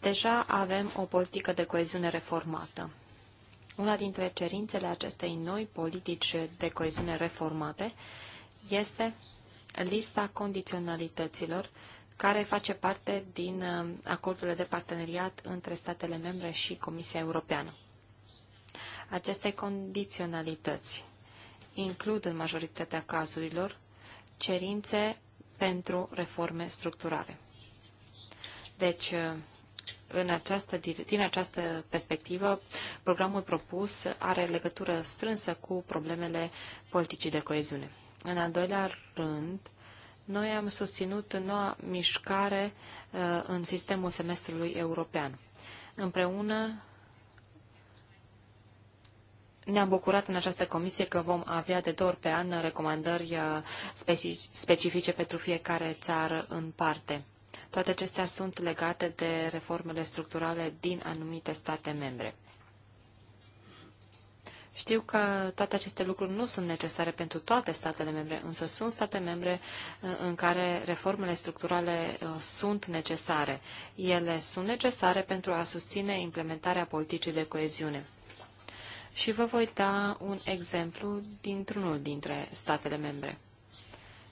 Deja avem o politică de coeziune reformată. Una dintre cerințele acestei noi politici de coeziune reformate este lista condiționalităților care face parte din uh, acordurile de parteneriat între statele membre și Comisia Europeană. Aceste condiționalități includ în majoritatea cazurilor cerințe pentru reforme structurale. Deci, uh, în această, din această perspectivă, programul propus are legătură strânsă cu problemele politicii de coeziune. În al doilea rând, noi am susținut noua mișcare uh, în sistemul semestrului european. Împreună ne-am bucurat în această comisie că vom avea de două ori pe an recomandări uh, specifice pentru fiecare țară în parte. Toate acestea sunt legate de reformele structurale din anumite state membre. Știu că toate aceste lucruri nu sunt necesare pentru toate statele membre, însă sunt state membre uh, în care reformele structurale uh, sunt necesare. Ele sunt necesare pentru a susține implementarea politicii de coeziune. Și vă voi da un exemplu dintr-unul dintre statele membre.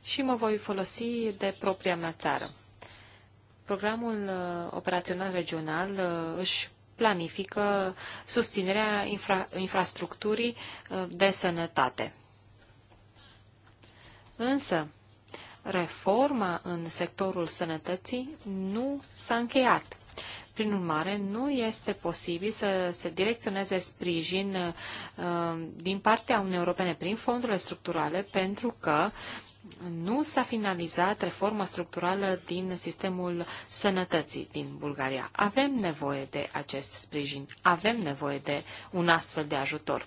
Și mă voi folosi de propria mea țară. Programul uh, operațional regional își planifică susținerea infra infrastructurii uh, de sănătate. Însă, reforma în sectorul sănătății nu s-a încheiat. Prin urmare, nu este posibil să se direcționeze sprijin uh, din partea Uniunii Europene prin fondurile structurale, pentru că nu s-a finalizat reforma structurală din sistemul sănătății din Bulgaria. Avem nevoie de acest sprijin, avem nevoie de un astfel de ajutor.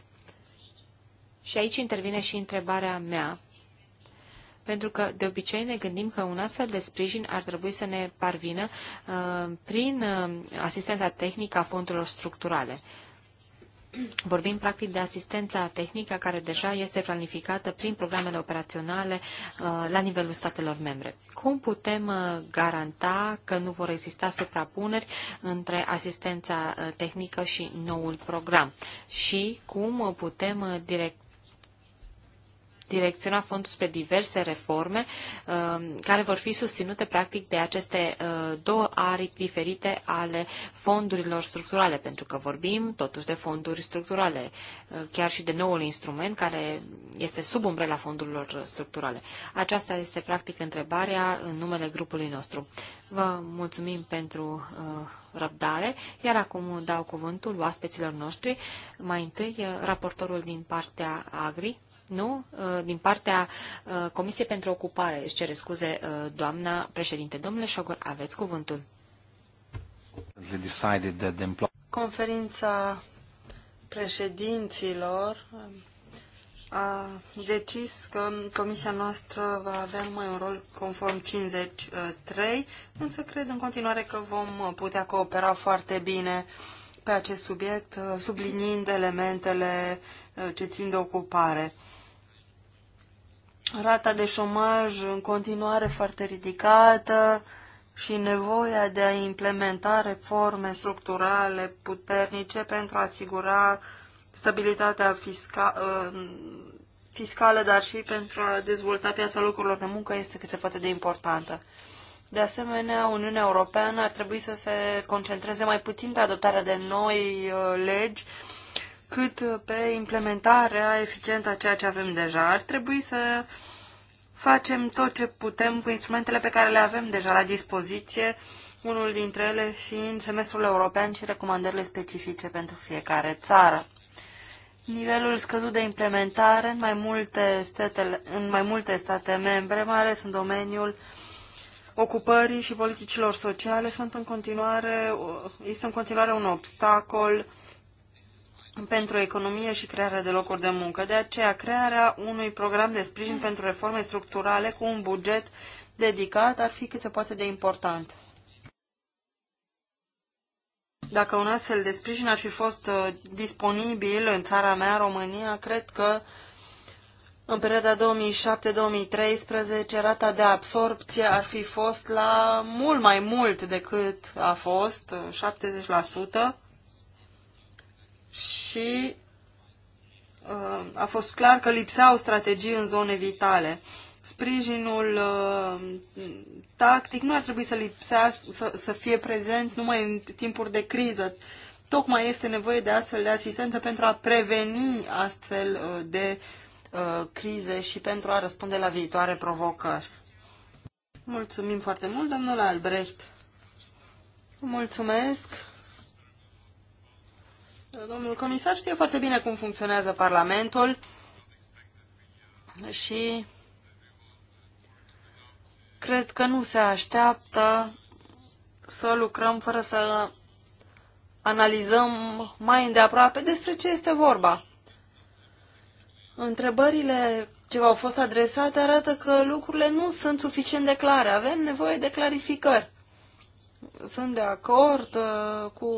Și aici intervine și întrebarea mea, pentru că de obicei ne gândim că un astfel de sprijin ar trebui să ne parvină uh, prin uh, asistența tehnică a fondurilor structurale. Uh, Vorbim practic de asistența tehnică care deja este planificată prin programele operaționale uh, la nivelul statelor membre. Cum putem uh, garanta că nu vor exista suprapuneri între asistența uh, tehnică și noul program? Și cum putem direct direcționa fondul spre diverse reforme um, care vor fi susținute practic de aceste uh, două aripi diferite ale fondurilor structurale, pentru că vorbim totuși de fonduri structurale, uh, chiar și de noul instrument care este sub umbrela fondurilor structurale. Aceasta este practic întrebarea în numele grupului nostru. Vă mulțumim pentru uh, răbdare, iar acum dau cuvântul oaspeților noștri. Mai întâi, raportorul din partea AGRI, nu? Uh, din partea uh, Comisiei pentru Ocupare. Își cere scuze, uh, doamna președinte. Domnule Șogor, aveți cuvântul. Conferința președinților um, a decis că comisia noastră va avea numai un rol conform 53, însă cred în continuare că vom putea coopera foarte bine pe acest subiect, subliniind elementele ce țin de ocupare rata de șomaj în continuare foarte ridicată și nevoia de a implementa reforme structurale puternice pentru a asigura stabilitatea fisca ă, fiscală, dar și pentru a dezvolta piața lucrurilor de muncă este cât se poate de importantă. De asemenea, Uniunea Europeană ar trebui să se concentreze mai puțin pe adoptarea de noi ă, legi cât pe implementarea eficientă a ceea ce avem deja. Ar trebui să facem tot ce putem cu instrumentele pe care le avem deja la dispoziție, unul dintre ele fiind semestrul european și recomandările specifice pentru fiecare țară. Nivelul scăzut de implementare în mai multe, statele, în mai multe state membre, mai ales în domeniul ocupării și politicilor sociale, sunt în continuare, este în continuare un obstacol pentru economie și crearea de locuri de muncă. De aceea, crearea unui program de sprijin pentru reforme structurale cu un buget dedicat ar fi cât se poate de important. Dacă un astfel de sprijin ar fi fost uh, disponibil în țara mea, România, cred că în perioada 2007-2013 rata de absorpție ar fi fost la mult mai mult decât a fost, 70%, uh, și uh, a fost clar că lipseau strategii în zone vitale. Sprijinul uh, tactic nu ar trebui să lipsească, să, să fie prezent numai în timpuri de criză. Tocmai este nevoie de astfel de asistență pentru a preveni astfel uh, de crize și pentru a răspunde la viitoare provocări. Mulțumim foarte mult, domnul Albrecht. Mulțumesc. Domnul comisar știe foarte bine cum funcționează Parlamentul și cred că nu se așteaptă să lucrăm fără să analizăm mai îndeaproape despre ce este vorba. Întrebările ce v-au fost adresate arată că lucrurile nu sunt suficient de clare. Avem nevoie de clarificări. Sunt de acord uh, cu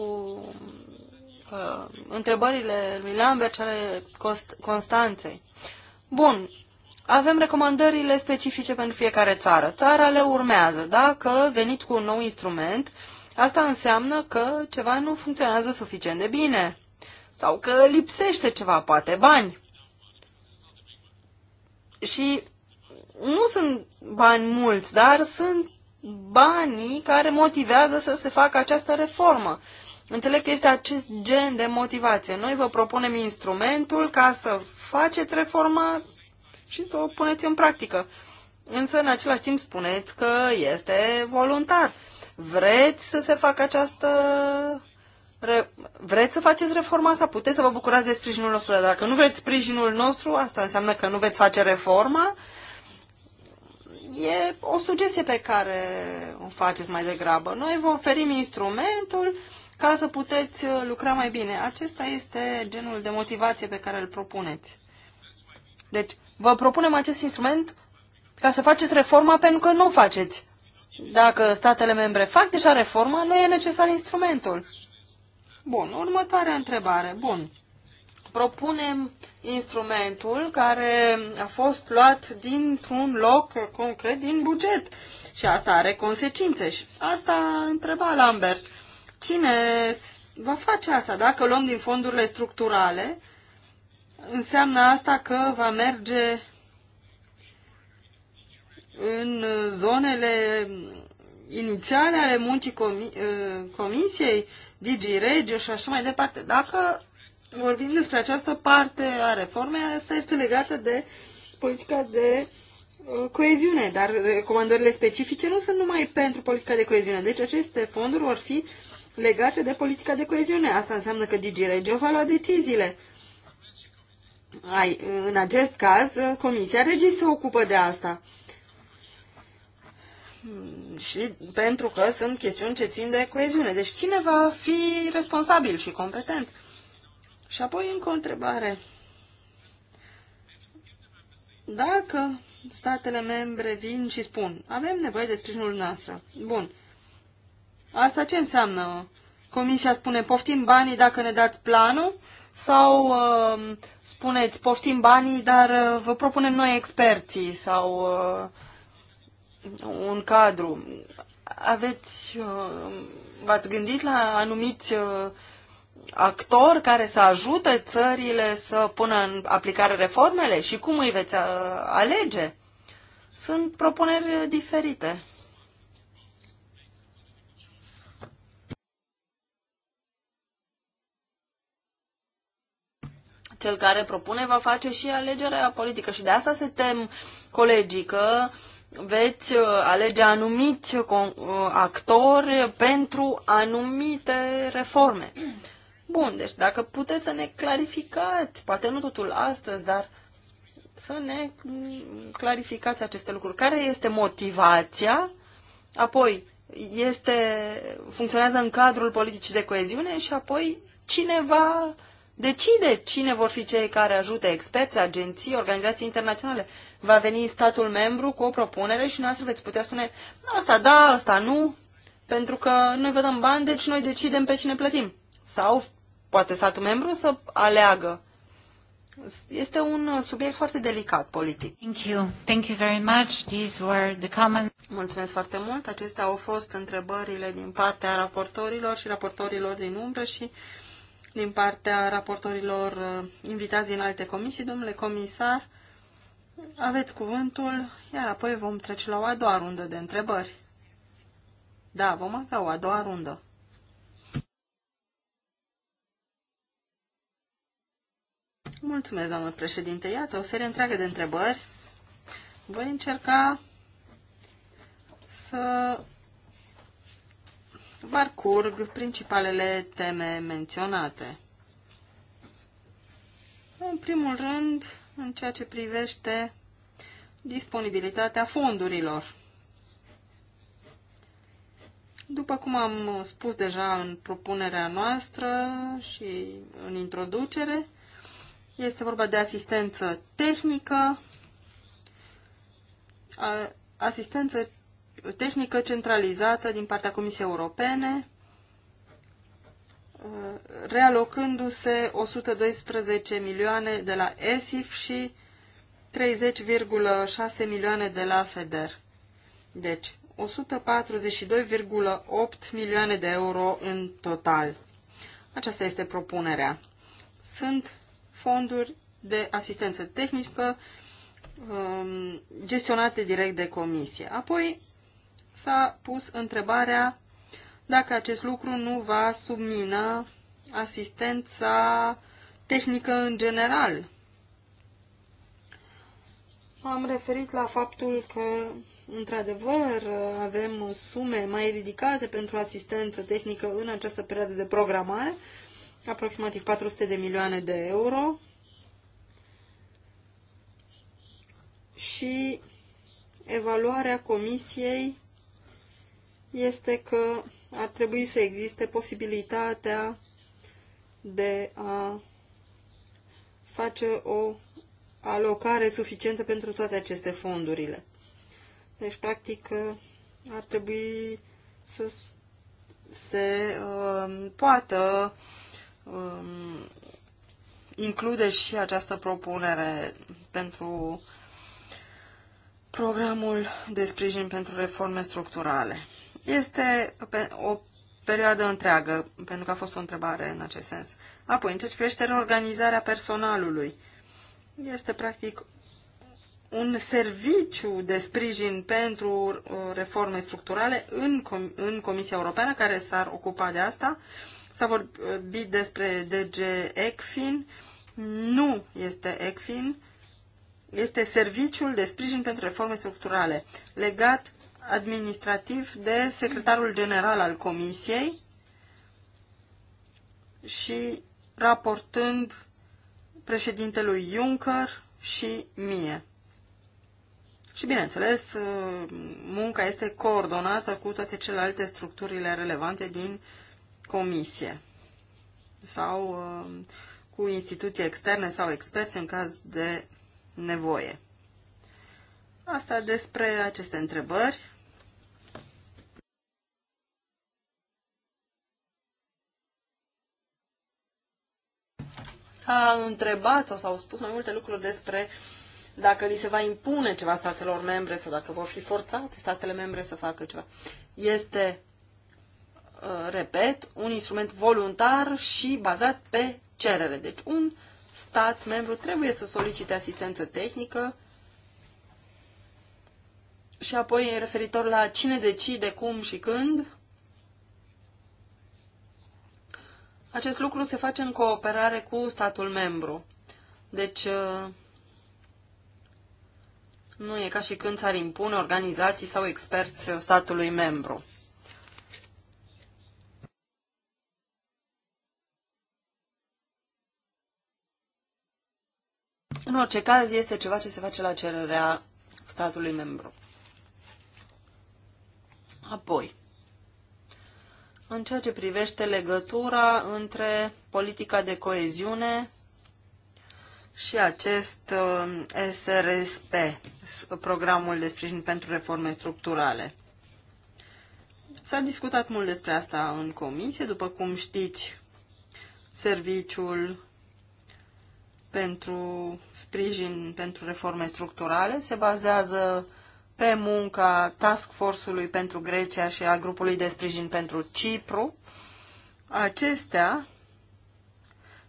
Uh, întrebările lui Lambert și ale Constanței. Bun, avem recomandările specifice pentru fiecare țară. Țara le urmează. Dacă veniți cu un nou instrument, asta înseamnă că ceva nu funcționează suficient de bine. Sau că lipsește ceva, poate bani. Și nu sunt bani mulți, dar sunt banii care motivează să se facă această reformă. Înțeleg că este acest gen de motivație. Noi vă propunem instrumentul ca să faceți reforma și să o puneți în practică. Însă, în același timp, spuneți că este voluntar. Vreți să se facă această... Re... Vreți să faceți reforma asta? Puteți să vă bucurați de sprijinul nostru, dar dacă nu vreți sprijinul nostru, asta înseamnă că nu veți face reforma. E o sugestie pe care o faceți mai degrabă. Noi vă oferim instrumentul, ca să puteți uh, lucra mai bine. Acesta este genul de motivație pe care îl propuneți. Deci, vă propunem acest instrument ca să faceți reforma pentru că nu o faceți. Dacă statele membre fac deja reforma, nu e necesar instrumentul. Bun, următoarea întrebare. Bun. Propunem instrumentul care a fost luat dintr-un loc concret din buget. Și asta are consecințe. Și asta întreba Lambert. Cine va face asta? Dacă luăm din fondurile structurale, înseamnă asta că va merge în zonele inițiale ale muncii comi ă, comisiei, Digi Regio și așa mai departe. Dacă vorbim despre această parte a reformei, asta este legată de politica de ă, coeziune, dar recomandările specifice nu sunt numai pentru politica de coeziune. Deci aceste fonduri vor fi legate de politica de coeziune. Asta înseamnă că DG Regio va lua deciziile. Ai, în acest caz, Comisia Regii se ocupă de asta. Și pentru că sunt chestiuni ce țin de coeziune. Deci cine va fi responsabil și competent? Și apoi încă o întrebare. Dacă statele membre vin și spun, avem nevoie de sprijinul noastră, bun, Asta ce înseamnă? Comisia spune poftim banii dacă ne dați planul sau uh, spuneți poftim banii, dar uh, vă propunem noi experții sau uh, un cadru. Aveți, uh, v-ați gândit la anumiți uh, actori care să ajute țările să pună în aplicare reformele și cum îi veți uh, alege? Sunt propuneri diferite. cel care propune va face și alegerea politică. Și de asta se tem colegii că veți uh, alege anumiți uh, actori pentru anumite reforme. Bun, deci dacă puteți să ne clarificați, poate nu totul astăzi, dar să ne clarificați aceste lucruri. Care este motivația? Apoi, este, funcționează în cadrul politicii de coeziune și apoi cine va decide cine vor fi cei care ajută experți, agenții, organizații internaționale. Va veni statul membru cu o propunere și noastră veți putea spune asta da, asta nu, pentru că noi vă dăm bani, deci noi decidem pe cine plătim. Sau poate statul membru să aleagă. Este un subiect foarte delicat politic. Thank you. Thank you very much. These were the comments. Mulțumesc foarte mult. Acestea au fost întrebările din partea raportorilor și raportorilor din umbră și din partea raportorilor uh, invitați din alte comisii. Domnule comisar, aveți cuvântul, iar apoi vom trece la o a doua rundă de întrebări. Da, vom avea o a doua rundă. Mulțumesc, doamnă președinte. Iată, o serie întreagă de întrebări. Voi încerca să parcurg principalele teme menționate. În primul rând, în ceea ce privește disponibilitatea fondurilor. După cum am spus deja în propunerea noastră și în introducere, este vorba de asistență tehnică, asistență tehnică centralizată din partea Comisiei Europene, uh, realocându-se 112 milioane de la ESIF și 30,6 milioane de la FEDER. Deci, 142,8 milioane de euro în total. Aceasta este propunerea. Sunt fonduri de asistență tehnică um, gestionate direct de comisie. Apoi s-a pus întrebarea dacă acest lucru nu va submina asistența tehnică în general. Am referit la faptul că, într-adevăr, avem sume mai ridicate pentru asistență tehnică în această perioadă de programare, aproximativ 400 de milioane de euro. Și evaluarea comisiei este că ar trebui să existe posibilitatea de a face o alocare suficientă pentru toate aceste fondurile. Deci, practic, ar trebui să se um, poată um, include și această propunere pentru programul de sprijin pentru reforme structurale. Este o perioadă întreagă, pentru că a fost o întrebare în acest sens. Apoi, în ce privește reorganizarea personalului, este practic un serviciu de sprijin pentru uh, reforme structurale în, Com în Comisia Europeană care s-ar ocupa de asta. S-a vorbit despre DG ECFIN. Nu este ECFIN, este serviciul de sprijin pentru reforme structurale, legat administrativ de secretarul general al Comisiei și raportând președintelui Juncker și mie. Și bineînțeles, munca este coordonată cu toate celelalte structurile relevante din comisie sau cu instituții externe sau experți în caz de nevoie. Asta despre aceste întrebări. s-a întrebat sau s-au spus mai multe lucruri despre dacă li se va impune ceva statelor membre sau dacă vor fi forțate statele membre să facă ceva. Este, uh, repet, un instrument voluntar și bazat pe cerere. Deci un stat membru trebuie să solicite asistență tehnică și apoi referitor la cine decide cum și când, Acest lucru se face în cooperare cu statul membru. Deci, uh, nu e ca și când s-ar impune organizații sau experți statului membru. În orice caz, este ceva ce se face la cererea statului membru. Apoi, în ceea ce privește legătura între politica de coeziune și acest uh, SRSP, programul de sprijin pentru reforme structurale. S-a discutat mult despre asta în comisie, după cum știți, serviciul pentru sprijin pentru reforme structurale se bazează pe munca Task Force-ului pentru Grecia și a grupului de sprijin pentru Cipru. Acestea,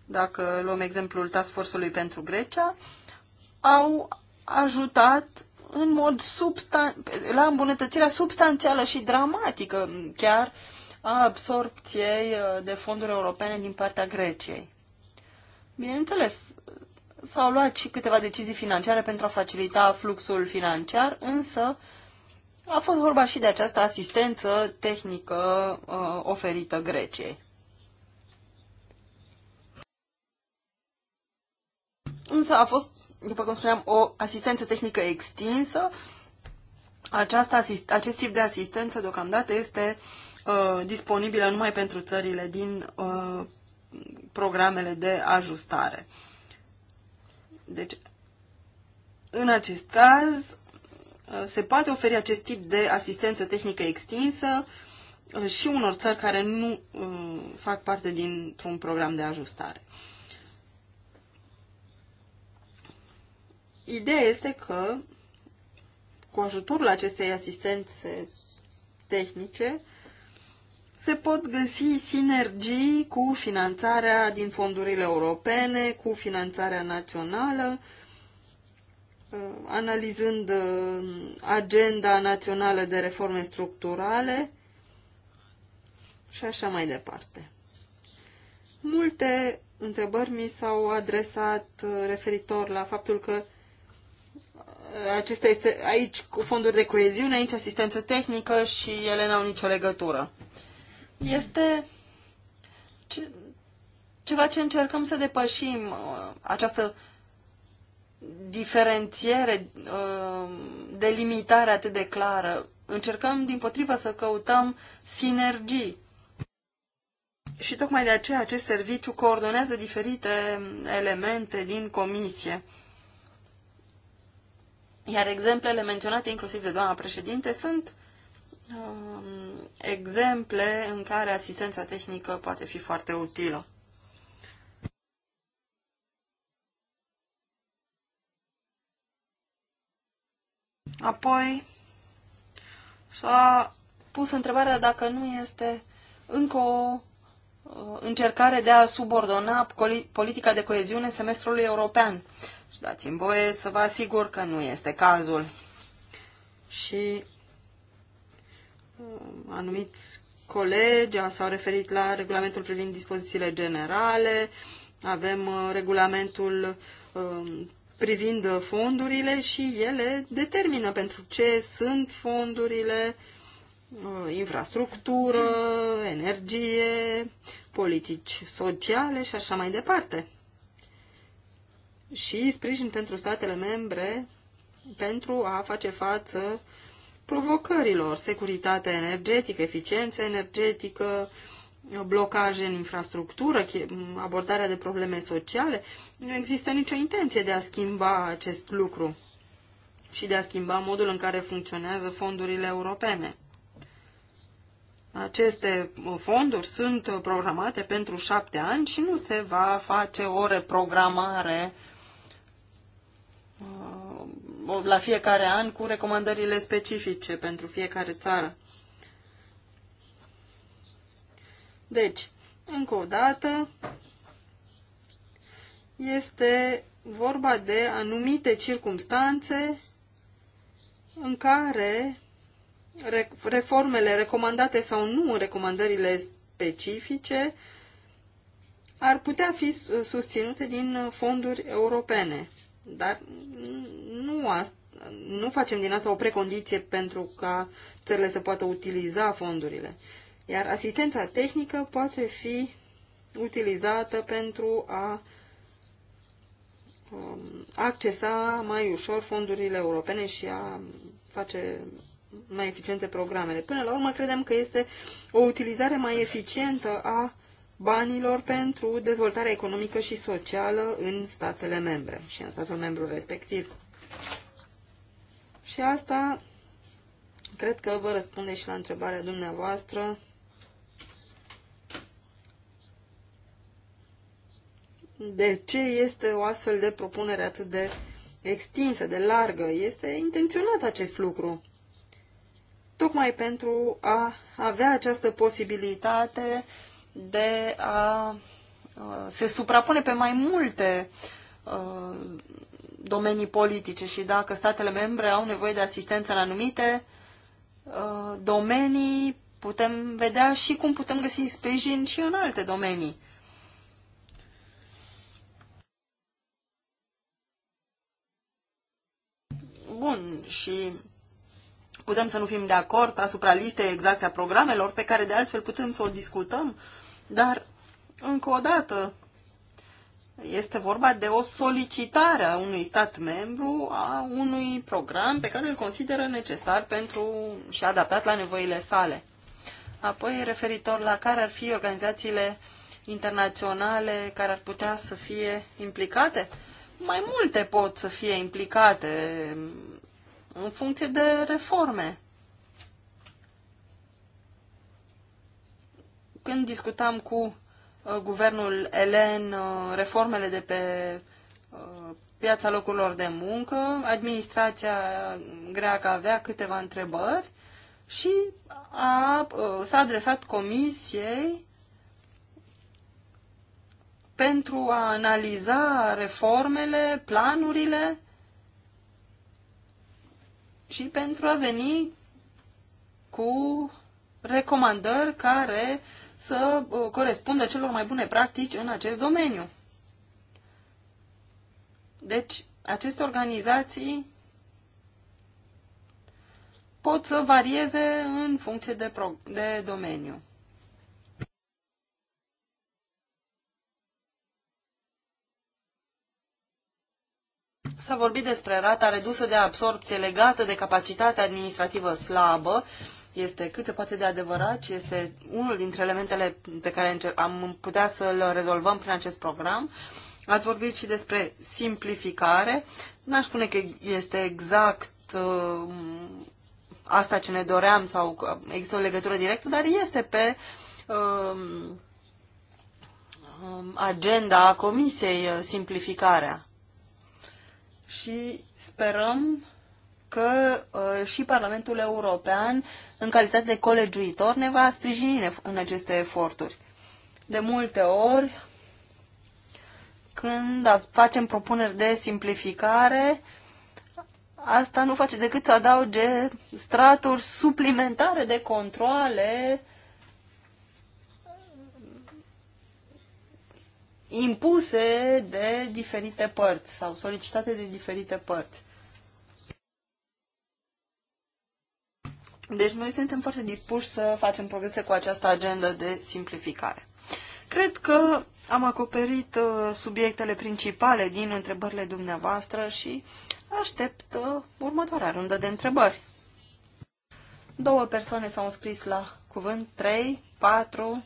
dacă luăm exemplul Task Force-ului pentru Grecia, au ajutat în mod substan- la îmbunătățirea substanțială și dramatică chiar a absorpției uh, de fonduri europene din partea Greciei. Bineînțeles, S-au luat și câteva decizii financiare pentru a facilita fluxul financiar, însă a fost vorba și de această asistență tehnică uh, oferită Greciei. Însă a fost, după cum spuneam, o asistență tehnică extinsă. Această asist- acest tip de asistență deocamdată este uh, disponibilă numai pentru țările din uh, programele de ajustare. Uh, deci, în acest caz, se poate oferi acest tip de asistență tehnică extinsă uh, și unor țări care nu uh, fac parte dintr-un program de ajustare. Ideea este că, cu ajutorul acestei asistențe tehnice, se pot găsi sinergii cu finanțarea din fondurile europene, cu finanțarea națională, uh, analizând uh, agenda națională de reforme structurale și așa mai departe. Multe întrebări mi s-au adresat uh, referitor la faptul că acesta este aici cu fonduri de coeziune, aici asistență tehnică și ele n-au nicio legătură. Este ce, ceva ce încercăm să depășim, uh, această diferențiere, uh, delimitare atât de clară. Încercăm, din potrivă, să căutăm sinergii. Și tocmai de aceea acest serviciu coordonează diferite elemente din comisie. Iar exemplele menționate inclusiv de doamna președinte sunt um, exemple în care asistența tehnică poate fi foarte utilă. Apoi s-a pus întrebarea dacă nu este încă o uh, încercare de a subordona politica de coeziune semestrului european. Și dați-mi voie să vă asigur că nu este cazul. Și Anumiți colegi s-au referit la regulamentul privind dispozițiile generale, avem uh, regulamentul um, privind fondurile și ele determină pentru ce sunt fondurile, uh, infrastructură, energie, politici sociale și așa mai departe. Și sprijin pentru statele membre pentru a face față provocărilor, securitate energetică, eficiență energetică, blocaje în infrastructură, abordarea de probleme sociale. Nu există nicio intenție de a schimba acest lucru și de a schimba modul în care funcționează fondurile europene. Aceste fonduri sunt programate pentru șapte ani și nu se va face o reprogramare la fiecare an cu recomandările specifice pentru fiecare țară. Deci, încă o dată, este vorba de anumite circumstanțe în care reformele recomandate sau nu în recomandările specifice ar putea fi susținute din fonduri europene. Dar nu, asta, nu facem din asta o precondiție pentru ca țările să poată utiliza fondurile. Iar asistența tehnică poate fi utilizată pentru a um, accesa mai ușor fondurile europene și a face mai eficiente programele. Până la urmă, credem că este o utilizare mai eficientă a banilor pentru dezvoltarea economică și socială în statele membre și în statul membru respectiv. Și asta cred că vă răspunde și la întrebarea dumneavoastră de ce este o astfel de propunere atât de extinsă, de largă. Este intenționat acest lucru. Tocmai pentru a avea această posibilitate de a uh, se suprapune pe mai multe uh, domenii politice și dacă statele membre au nevoie de asistență în anumite uh, domenii, putem vedea și cum putem găsi sprijin și în alte domenii. Bun, și putem să nu fim de acord asupra listei exacte a programelor, pe care de altfel putem să o discutăm dar, încă o dată, este vorba de o solicitare a unui stat membru a unui program pe care îl consideră necesar pentru și adaptat la nevoile sale. Apoi, referitor la care ar fi organizațiile internaționale care ar putea să fie implicate, mai multe pot să fie implicate în funcție de reforme. Când discutam cu uh, guvernul elen uh, reformele de pe uh, piața locurilor de muncă, administrația greacă avea câteva întrebări și a, s-a adresat comisiei pentru a analiza reformele, planurile și pentru a veni cu recomandări care uh, să uh, corespundă celor mai bune practici în acest domeniu. Deci, aceste organizații pot să varieze în funcție de, pro- de domeniu. S-a vorbit despre rata redusă de absorpție legată de capacitatea administrativă slabă este cât se poate de adevărat și este unul dintre elementele pe care am putea să-l rezolvăm prin acest program. Ați vorbit și despre simplificare. N-aș spune că este exact uh, asta ce ne doream sau există o legătură directă, dar este pe uh, agenda Comisiei uh, simplificarea. Și sperăm că uh, și Parlamentul European, în calitate de colegiuitor, ne va sprijini în aceste eforturi. De multe ori, când facem propuneri de simplificare, asta nu face decât să adauge straturi suplimentare de controle impuse de diferite părți sau solicitate de diferite părți. Deci noi suntem foarte dispuși să facem progrese cu această agendă de simplificare. Cred că am acoperit uh, subiectele principale din întrebările dumneavoastră și aștept uh, următoarea rundă de întrebări. Două persoane s-au înscris la cuvânt, trei, patru,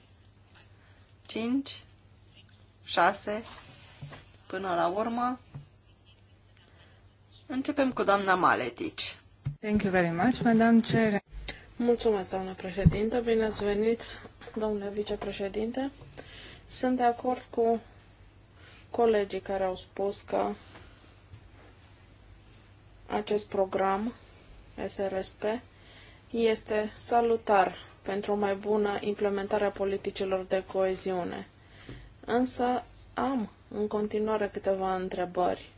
cinci, 6, până la urmă. Începem cu doamna Maletici. Thank you very much, Madam Chair. Mulțumesc, doamnă președintă. Bine ați venit, domnule vicepreședinte. Sunt de acord cu colegii care au spus că acest program SRSP este salutar pentru o mai bună implementare a politicilor de coeziune. Însă am în continuare câteva întrebări,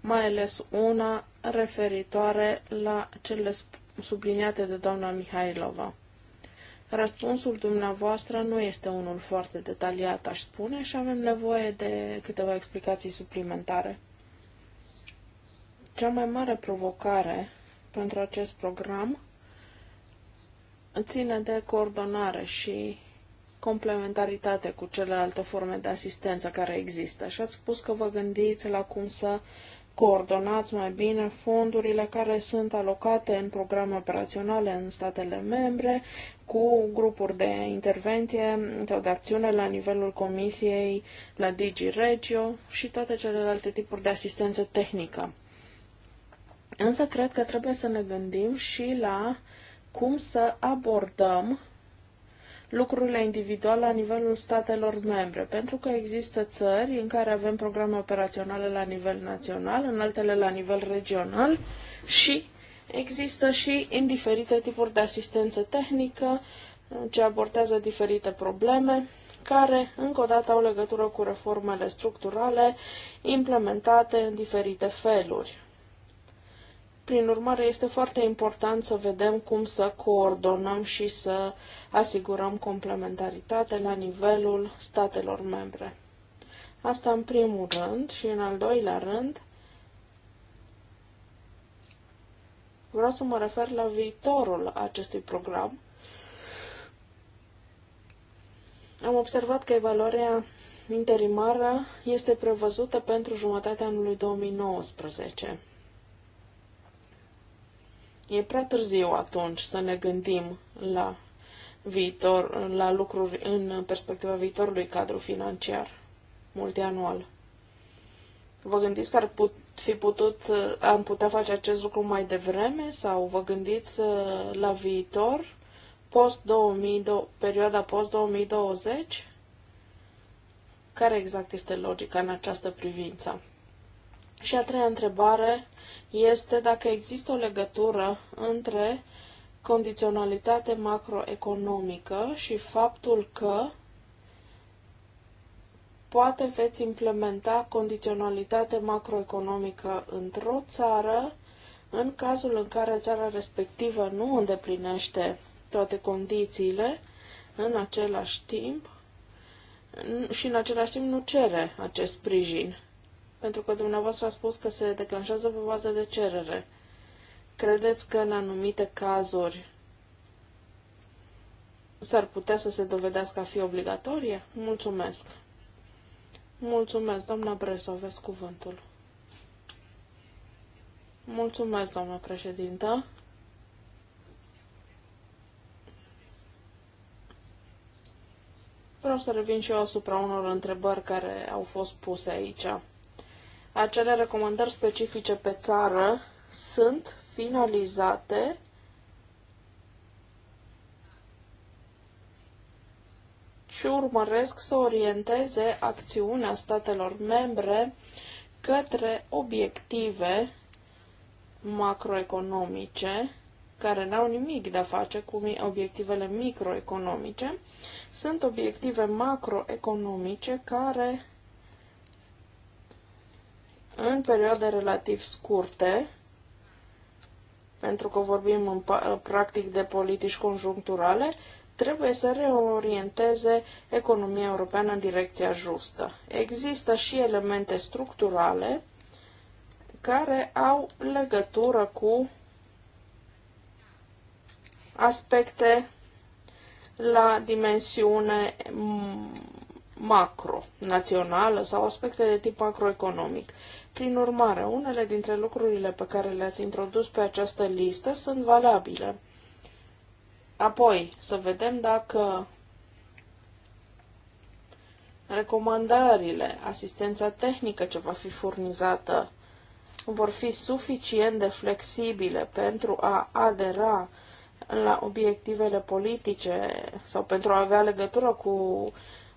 mai ales una referitoare la cele subliniate de doamna Mihailova. Răspunsul dumneavoastră nu este unul foarte detaliat, aș spune, și avem nevoie de câteva explicații suplimentare. Cea mai mare provocare pentru acest program ține de coordonare și complementaritate cu celelalte forme de asistență care există. Și ați spus că vă gândiți la cum să coordonați mai bine fondurile care sunt alocate în programe operaționale în statele membre cu grupuri de intervenție sau de acțiune la nivelul Comisiei, la DigiRegio Regio și toate celelalte tipuri de asistență tehnică. Însă cred că trebuie să ne gândim și la cum să abordăm lucrurile individuale la nivelul statelor membre, pentru că există țări în care avem programe operaționale la nivel național, în altele la nivel regional și există și în diferite tipuri de asistență tehnică ce abordează diferite probleme care, încă o dată, au legătură cu reformele structurale implementate în diferite feluri. Prin urmare, este foarte important să vedem cum să coordonăm și să asigurăm complementaritate la nivelul statelor membre. Asta în primul rând și în al doilea rând, vreau să mă refer la viitorul acestui program. Am observat că evaluarea interimară este prevăzută pentru jumătatea anului 2019. E prea târziu atunci să ne gândim la viitor, la lucruri în perspectiva viitorului cadru financiar multianual. Vă gândiți că ar put, fi putut, am putea face acest lucru mai devreme sau vă gândiți uh, la viitor, post 2000, perioada post-2020? Care exact este logica în această privință? Și a treia întrebare este dacă există o legătură între condiționalitate macroeconomică și faptul că poate veți implementa condiționalitate macroeconomică într-o țară în cazul în care țara respectivă nu îndeplinește toate condițiile în același timp și în același timp nu cere acest sprijin pentru că dumneavoastră a spus că se declanșează pe bază de cerere. Credeți că în anumite cazuri s-ar putea să se dovedească a fi obligatorie? Mulțumesc! Mulțumesc, doamna Bresa, aveți cuvântul. Mulțumesc, doamna președintă. Vreau să revin și eu asupra unor întrebări care au fost puse aici acele recomandări specifice pe țară sunt finalizate și urmăresc să orienteze acțiunea statelor membre către obiective macroeconomice care n-au nimic de a face cu obiectivele microeconomice, sunt obiective macroeconomice care în perioade relativ scurte, pentru că vorbim în practic de politici conjuncturale, trebuie să reorienteze economia europeană în direcția justă. Există și elemente structurale care au legătură cu aspecte la dimensiune macro-națională sau aspecte de tip macroeconomic. Prin urmare, unele dintre lucrurile pe care le-ați introdus pe această listă sunt valabile. Apoi, să vedem dacă recomandările, asistența tehnică ce va fi furnizată, vor fi suficient de flexibile pentru a adera la obiectivele politice sau pentru a avea legătură cu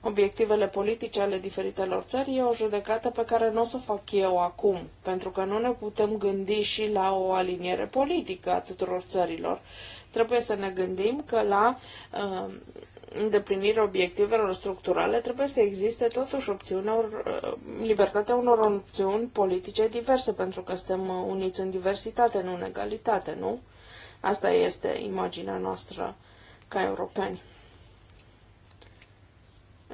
obiectivele politice ale diferitelor țări e o judecată pe care nu o să o fac eu acum, pentru că nu ne putem gândi și la o aliniere politică a tuturor țărilor. Trebuie să ne gândim că la uh, îndeplinirea obiectivelor structurale trebuie să existe totuși opțiunea, uh, libertatea unor opțiuni politice diverse, pentru că suntem uh, uniți în diversitate, nu în egalitate, nu? Asta este imaginea noastră ca europeni.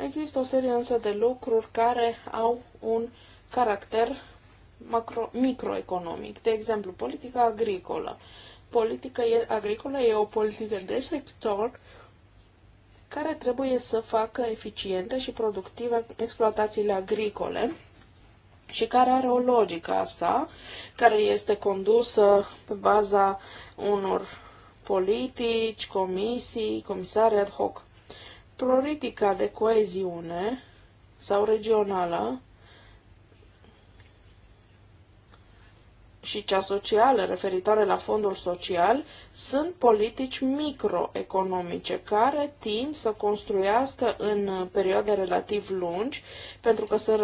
Există o serie însă de lucruri care au un caracter macro, microeconomic. De exemplu, politica agricolă. Politica agricolă e o politică de sector care trebuie să facă eficiente și productive exploatațiile agricole și care are o logică a sa, care este condusă pe baza unor politici, comisii, comisare ad hoc. Politica de coeziune sau regională și cea socială referitoare la fondul social sunt politici microeconomice care tind să construiască în perioade relativ lungi, pentru că sunt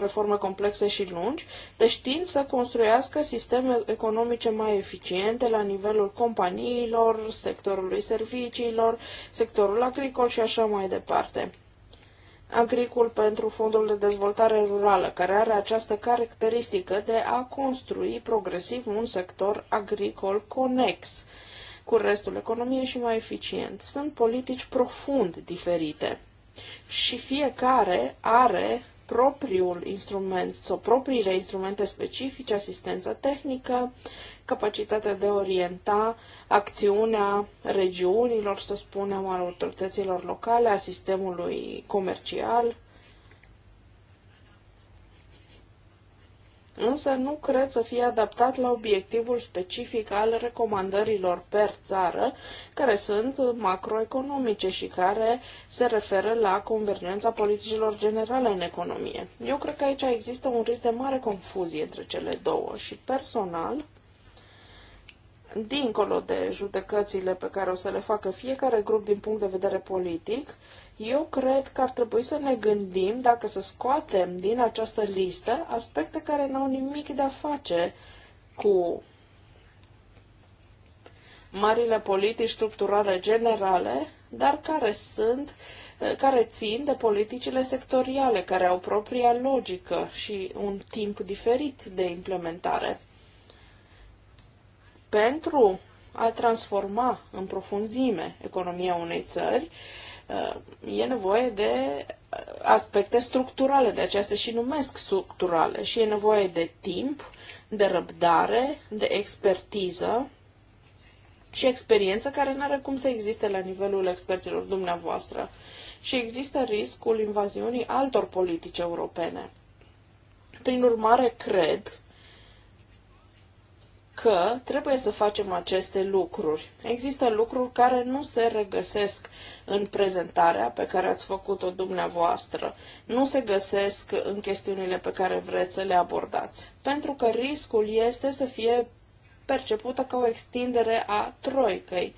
reforme complexe și lungi, deci tind să construiască sisteme economice mai eficiente la nivelul companiilor, sectorului serviciilor, sectorul agricol și așa mai departe agricol pentru Fondul de Dezvoltare Rurală, care are această caracteristică de a construi progresiv un sector agricol conex cu restul economiei și mai eficient. Sunt politici profund diferite și fiecare are propriul instrument sau propriile instrumente specifice, asistență tehnică, capacitatea de a orienta acțiunea regiunilor, să spunem, al autorităților locale, a sistemului comercial, însă nu cred să fie adaptat la obiectivul specific al recomandărilor per țară, care sunt macroeconomice și care se referă la convergența politicilor generale în economie. Eu cred că aici există un risc de mare confuzie între cele două și personal dincolo de judecățile pe care o să le facă fiecare grup din punct de vedere politic, eu cred că ar trebui să ne gândim dacă să scoatem din această listă aspecte care n-au nimic de a face cu marile politici structurale generale, dar care sunt care țin de politicile sectoriale, care au propria logică și un timp diferit de implementare. Pentru a transforma în profunzime economia unei țări, Uh, e nevoie de uh, aspecte structurale, de aceea se și numesc structurale și e nevoie de timp, de răbdare, de expertiză și experiență care nu are cum să existe la nivelul experților dumneavoastră. Și există riscul invaziunii altor politici europene. Prin urmare, cred că trebuie să facem aceste lucruri. Există lucruri care nu se regăsesc în prezentarea pe care ați făcut-o dumneavoastră, nu se găsesc în chestiunile pe care vreți să le abordați, pentru că riscul este să fie percepută ca o extindere a troicăi,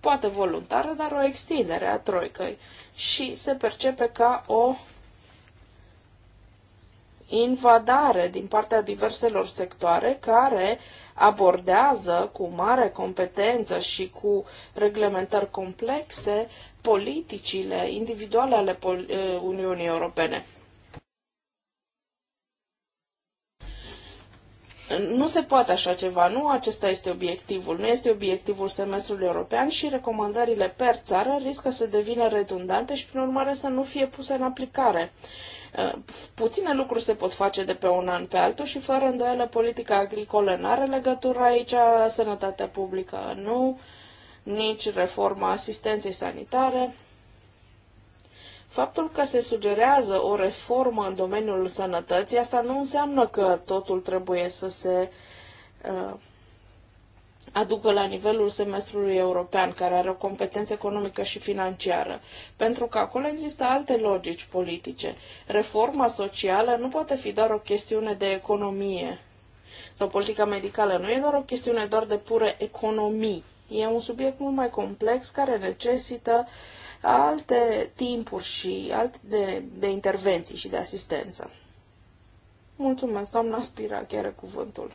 poate voluntară, dar o extindere a troicăi și se percepe ca o invadare din partea diverselor sectoare care abordează cu mare competență și cu reglementări complexe politicile individuale ale eh, Uniunii Europene. Nu se poate așa ceva, nu acesta este obiectivul, nu este obiectivul semestrului european și recomandările per țară riscă să devină redundante și, prin urmare, să nu fie puse în aplicare. Eh, puține lucruri se pot face de pe un an pe altul și fără îndoială politica agricolă nu are legătură aici, sănătatea publică nu, nici reforma asistenței sanitare. Faptul că se sugerează o reformă în domeniul sănătății, asta nu înseamnă că totul trebuie să se uh, aducă la nivelul semestrului european, care are o competență economică și financiară, pentru că acolo există alte logici politice. Reforma socială nu poate fi doar o chestiune de economie sau politica medicală, nu e doar o chestiune doar de pure economii. E un subiect mult mai complex care necesită alte timpuri și alte de, de intervenții și de asistență. Mulțumesc, doamna Spira, chiar cuvântul.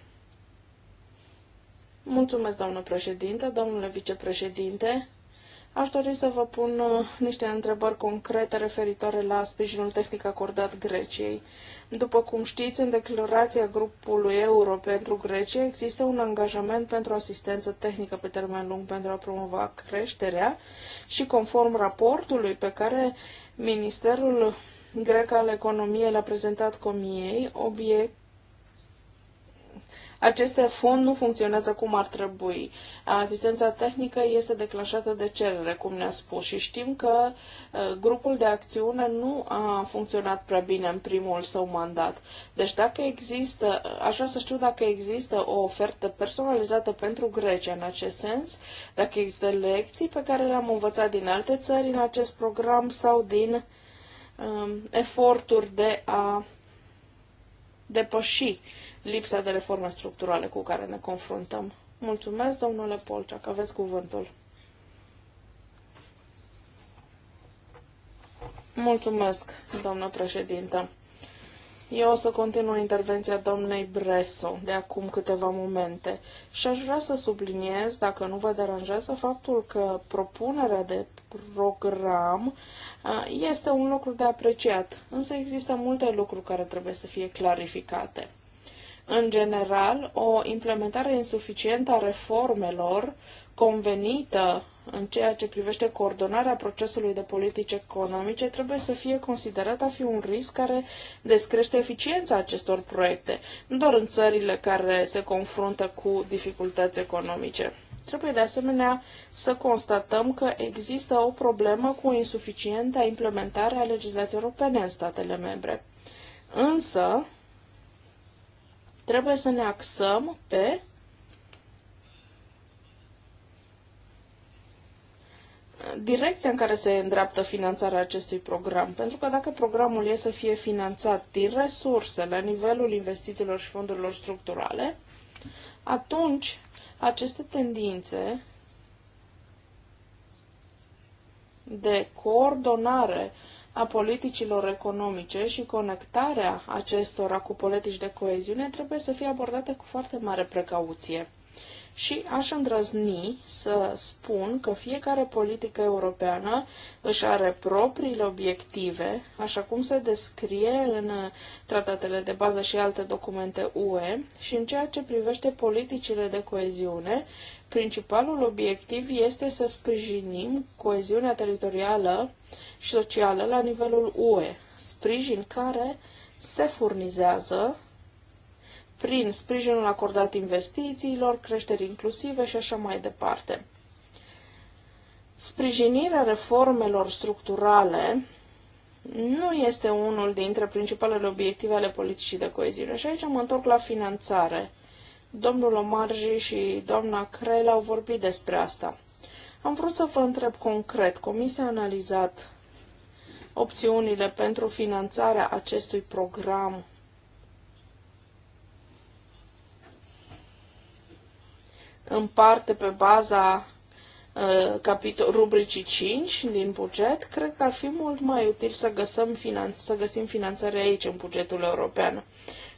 Mulțumesc, doamnă președinte, domnule vicepreședinte. Aș dori să vă pun uh, niște întrebări concrete referitoare la sprijinul tehnic acordat Greciei. După cum știți, în declarația grupului Euro pentru Grecia există un angajament pentru asistență tehnică pe termen lung pentru a promova creșterea și conform raportului pe care Ministerul grec al economiei l-a prezentat comiei, obiect aceste fond nu funcționează cum ar trebui. Asistența tehnică este declanșată de cerere, cum ne-a spus, și știm că uh, grupul de acțiune nu a funcționat prea bine în primul său mandat. Deci dacă există, aș vrea să știu dacă există o ofertă personalizată pentru Grecia în acest sens, dacă există lecții pe care le-am învățat din alte țări în acest program sau din um, eforturi de a depăși lipsa de reforme structurale cu care ne confruntăm. Mulțumesc, domnule Polcea, că aveți cuvântul. Mulțumesc, doamnă președintă. Eu o să continui intervenția doamnei Bresso de acum câteva momente și aș vrea să subliniez, dacă nu vă deranjează, faptul că propunerea de program este un lucru de apreciat, însă există multe lucruri care trebuie să fie clarificate. În general, o implementare insuficientă a reformelor convenită în ceea ce privește coordonarea procesului de politici economice trebuie să fie considerat a fi un risc care descrește eficiența acestor proiecte, nu doar în țările care se confruntă cu dificultăți economice. Trebuie de asemenea să constatăm că există o problemă cu insuficienta implementare a legislației europene în statele membre. Însă, Trebuie să ne axăm pe direcția în care se îndreaptă finanțarea acestui program. Pentru că dacă programul e să fie finanțat din resurse la nivelul investițiilor și fondurilor structurale, atunci aceste tendințe de coordonare a politicilor economice și conectarea acestora cu politici de coeziune trebuie să fie abordate cu foarte mare precauție. Și aș îndrăzni să spun că fiecare politică europeană își are propriile obiective, așa cum se descrie în tratatele de bază și alte documente UE, și în ceea ce privește politicile de coeziune, Principalul obiectiv este să sprijinim coeziunea teritorială și socială la nivelul UE, sprijin care se furnizează prin sprijinul acordat investițiilor, creșterii inclusive și așa mai departe. Sprijinirea reformelor structurale nu este unul dintre principalele obiective ale politicii de coeziune. Și aici mă întorc la finanțare. Domnul Omarji și doamna Crel au vorbit despre asta. Am vrut să vă întreb concret, Comisia a analizat opțiunile pentru finanțarea acestui program în parte pe baza uh, capitol, rubricii 5 din buget, cred că ar fi mult mai util să, găsăm finanț, să găsim finanțare aici, în bugetul european.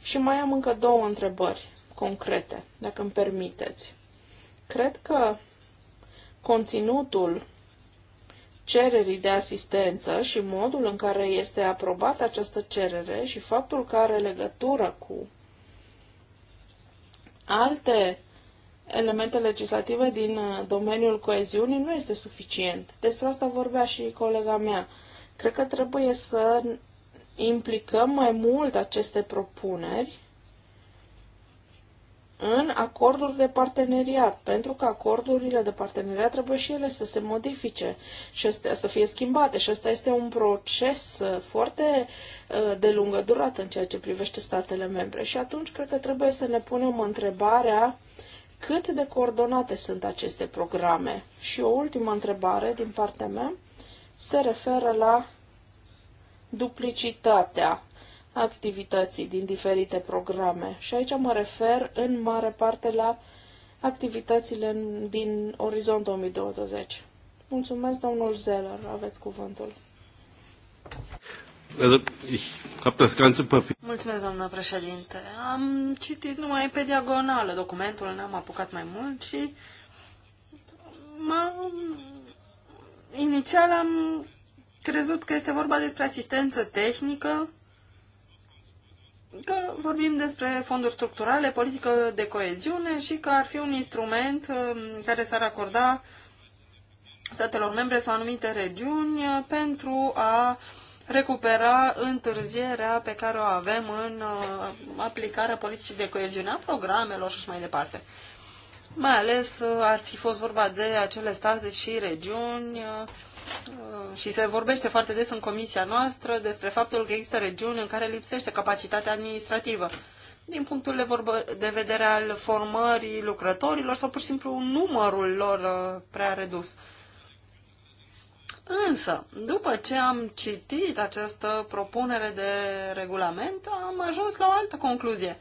Și mai am încă două întrebări concrete, dacă îmi permiteți. Cred că conținutul cererii de asistență și modul în care este aprobată această cerere și faptul că are legătură cu alte elemente legislative din uh, domeniul coeziunii nu este suficient. Despre asta vorbea și colega mea. Cred că trebuie să implicăm mai mult aceste propuneri în acorduri de parteneriat, pentru că acordurile de parteneriat trebuie și ele să se modifice și să fie schimbate. Și ăsta este un proces uh, foarte uh, de lungă durată în ceea ce privește statele membre. Și atunci cred că trebuie să ne punem întrebarea cât de coordonate sunt aceste programe. Și o ultimă întrebare din partea mea se referă la duplicitatea activității din diferite programe. Și aici mă refer în mare parte la activitățile din Orizont 2020. Mulțumesc, domnul Zeller. Aveți cuvântul. Mulțumesc, doamnă președinte. Am citit numai pe diagonală documentul, n-am apucat mai mult și m-am... inițial am crezut că este vorba despre asistență tehnică că vorbim despre fonduri structurale, politică de coeziune și că ar fi un instrument um, care s-ar acorda statelor membre sau anumite regiuni uh, pentru a recupera întârzierea pe care o avem în uh, aplicarea politicii de coeziune a programelor și așa mai departe. Mai ales uh, ar fi fost vorba de acele state și regiuni uh, Uh, și se vorbește foarte des în comisia noastră despre faptul că există regiuni în care lipsește capacitatea administrativă. Din punctul de, vorbă, de vedere al formării lucrătorilor sau pur și simplu numărul lor uh, prea redus. Însă, după ce am citit această propunere de regulament, am ajuns la o altă concluzie.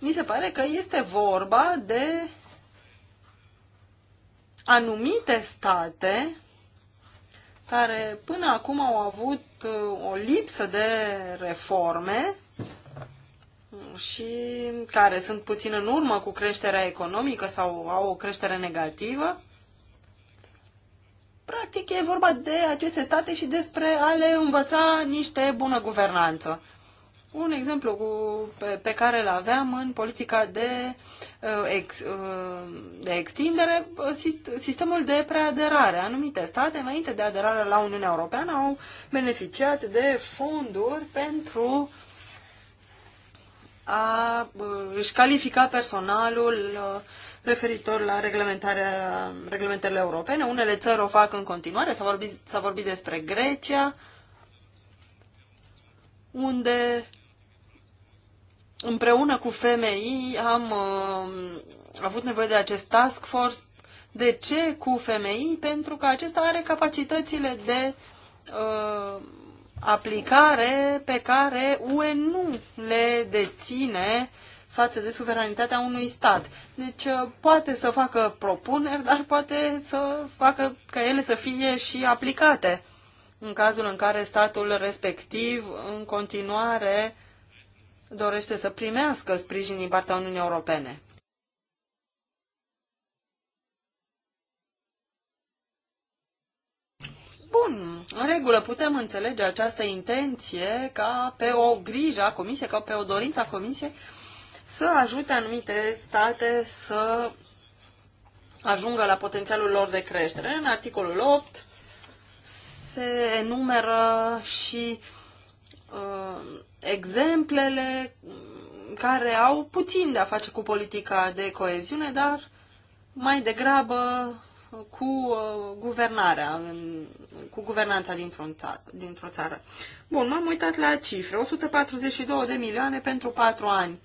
Mi se pare că este vorba de anumite state care până acum au avut uh, o lipsă de reforme și care sunt puțin în urmă cu creșterea economică sau au o creștere negativă. Practic e vorba de aceste state și despre a le învăța niște bună guvernanță. Un exemplu cu, pe, pe care îl aveam în politica de, uh, ex, uh, de extindere, uh, sistemul de preaderare. Anumite state, înainte de aderarea la Uniunea Europeană, au beneficiat de fonduri pentru a își califica personalul referitor la reglementarea, reglementările europene. Unele țări o fac în continuare, s-a vorbit, s-a vorbit despre Grecia, unde împreună cu FMI am uh, avut nevoie de acest task force. De ce cu FMI? Pentru că acesta are capacitățile de uh, aplicare pe care UE nu le deține față de suveranitatea unui stat. Deci uh, poate să facă propuneri, dar poate să facă ca ele să fie și aplicate în cazul în care statul respectiv în continuare uh, dorește să primească sprijin din partea Uniunii Europene. Bun, în regulă putem înțelege această intenție ca pe o grijă a Comisiei, ca pe o dorință a Comisiei să ajute anumite state să ajungă la potențialul lor de creștere. În articolul 8 se enumeră și uh, exemplele care au puțin de a face cu politica de coeziune, dar mai degrabă cu uh, guvernarea, cu guvernanța dintr-o țară, dintr țară. Bun, m-am uitat la cifre. 142 de milioane pentru 4 ani.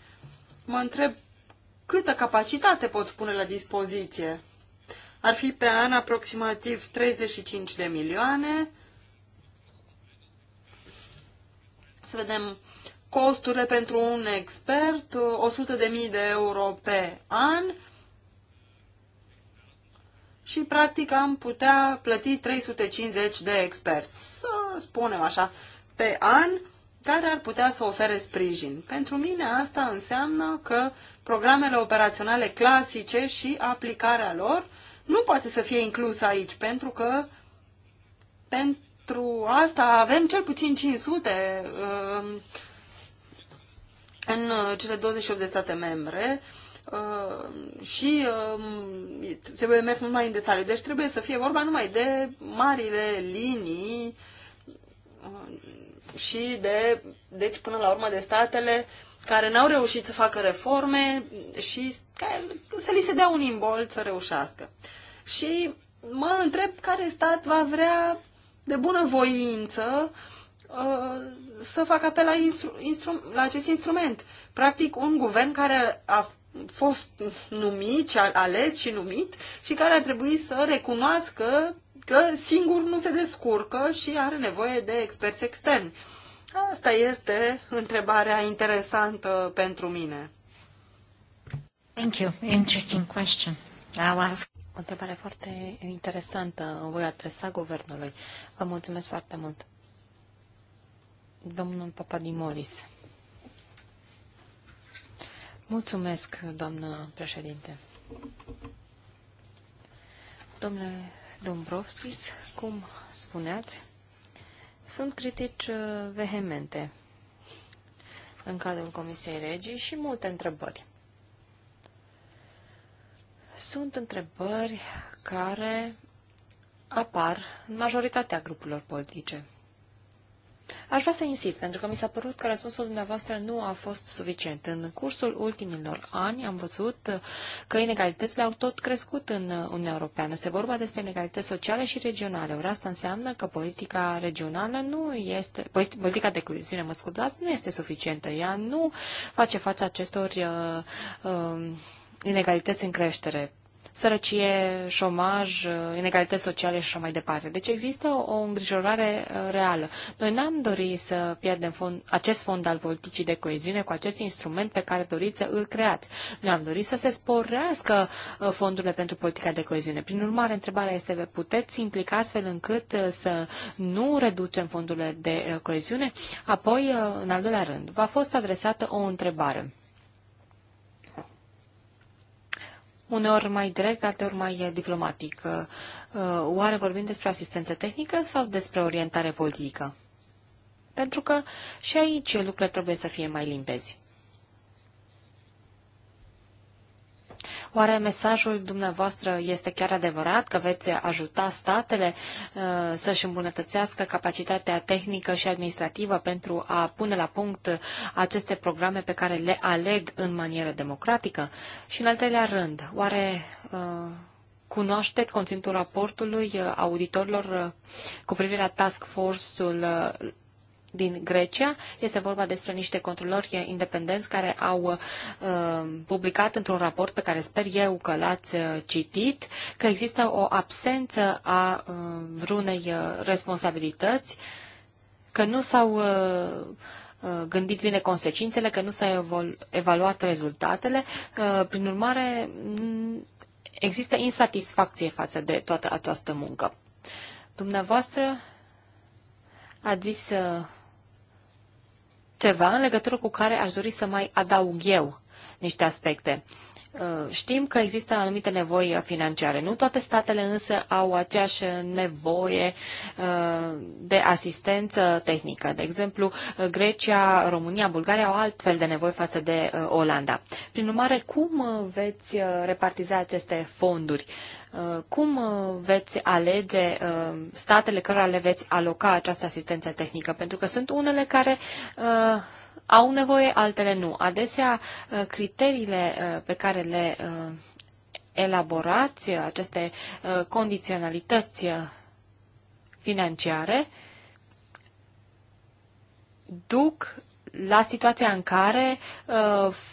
Mă întreb câtă capacitate pot pune la dispoziție. Ar fi pe an aproximativ 35 de milioane, Să vedem costurile pentru un expert, 100.000 uh, de euro pe an și practic am putea plăti 350 de experți, să spunem așa, pe an, care ar putea să ofere sprijin. Pentru mine asta înseamnă că programele operaționale clasice și aplicarea lor nu poate să fie inclusă aici, pentru că pentru pentru asta avem cel puțin 500 um, în uh, cele 28 de state membre uh, și um, trebuie mers mult mai în detaliu. Deci trebuie să fie vorba numai de marile linii uh, și de, deci până la urmă, de statele care n-au reușit să facă reforme și să li se dea un imbol să reușească. Și mă întreb care stat va vrea de bună voință uh, să fac apel la, instru, instru, la acest instrument. Practic, un guvern care a fost numit și ales și numit și care ar trebui să recunoască că singur nu se descurcă și are nevoie de experți externi. Asta este întrebarea interesantă pentru mine. Thank you. Interesting question. I'll ask. O întrebare foarte interesantă. O voi adresa guvernului. Vă mulțumesc foarte mult. Domnul Papadimolis. Mulțumesc, doamnă președinte. Domnule Dombrovskis, cum spuneați, sunt critici uh, vehemente în cadrul Comisiei Regii și multe întrebări sunt întrebări care apar în majoritatea grupurilor politice. Aș vrea să insist, pentru că mi s-a părut că răspunsul dumneavoastră nu a fost suficient. În cursul ultimilor ani am văzut că inegalitățile au tot crescut în Uniunea Europeană. Este vorba despre inegalități sociale și regionale. Ori asta înseamnă că politica regională nu este, politica de coeziune, mă scuzați, nu este suficientă. Ea nu face față acestor uh, uh, inegalități în creștere, sărăcie, șomaj, inegalități sociale și așa mai departe. Deci există o îngrijorare uh, reală. Noi n-am dorit să pierdem fond, acest fond al politicii de coeziune cu acest instrument pe care doriți să îl creați. Noi am dorit să se sporească uh, fondurile pentru politica de coeziune. Prin urmare, întrebarea este, puteți implica astfel încât uh, să nu reducem fondurile de coeziune? Apoi, în al doilea rând, v-a fost adresată o întrebare uneori mai direct, alteori mai eh, diplomatic. Eh, eh, oare vorbim despre asistență tehnică sau despre orientare politică? Pentru că și aici lucrurile trebuie să fie mai limpezi. Oare mesajul dumneavoastră este chiar adevărat că veți ajuta statele uh, să-și îmbunătățească capacitatea tehnică și administrativă pentru a pune la punct aceste programe pe care le aleg în manieră democratică? Și în al treilea rând, oare uh, cunoașteți conținutul raportului uh, auditorilor cu privire la task force-ul din Grecia. Este vorba despre niște controlori independenți care au uh, publicat într-un raport pe care sper eu că l-ați uh, citit că există o absență a uh, vreunei uh, responsabilități, că nu s-au uh, uh, gândit bine consecințele, că nu s-au evaluat rezultatele. Prin urmare, există insatisfacție față de toată această muncă. Dumneavoastră ați zis ceva în legătură cu care aș dori să mai adaug eu niște aspecte. Uh, știm că există anumite nevoi financiare. Nu toate statele însă au aceeași nevoie uh, de asistență tehnică. De exemplu, Grecia, România, Bulgaria au altfel de nevoi față de uh, Olanda. Prin urmare, cum veți repartiza aceste fonduri? Cum veți alege statele cărora le veți aloca această asistență tehnică? Pentru că sunt unele care au nevoie, altele nu. Adesea, uh, criteriile uh, pe care le uh, elaborați, aceste condiționalități financiare, duc la situația în care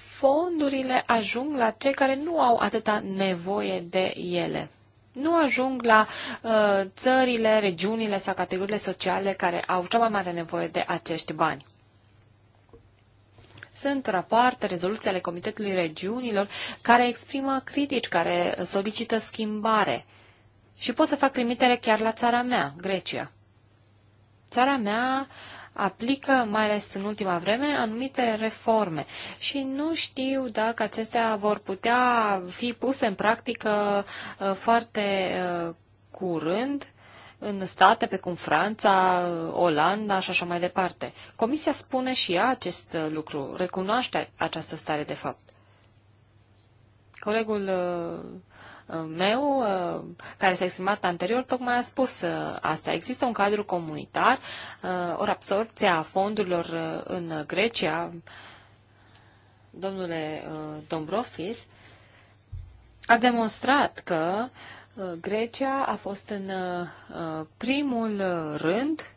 fondurile ajung la cei care nu au atâta nevoie de ele. Nu ajung la țările, regiunile sau categoriile sociale care au cea mai mare nevoie de acești bani sunt rapoarte, rezoluții ale Comitetului Regiunilor care exprimă critici, care solicită schimbare. Și pot să fac trimitere chiar la țara mea, Grecia. Țara mea aplică, mai ales în ultima vreme, anumite reforme și nu știu dacă acestea vor putea fi puse în practică uh, foarte uh, curând în state precum Franța, Olanda și așa mai departe. Comisia spune și ea acest lucru, recunoaște această stare de fapt. Colegul uh, uh, meu, uh, care s-a exprimat anterior, tocmai a spus asta. Există un cadru comunitar, ori absorpția fondurilor în Grecia, domnule Dombrovskis, a demonstrat că uh, Uh, Grecia a fost în uh, primul rând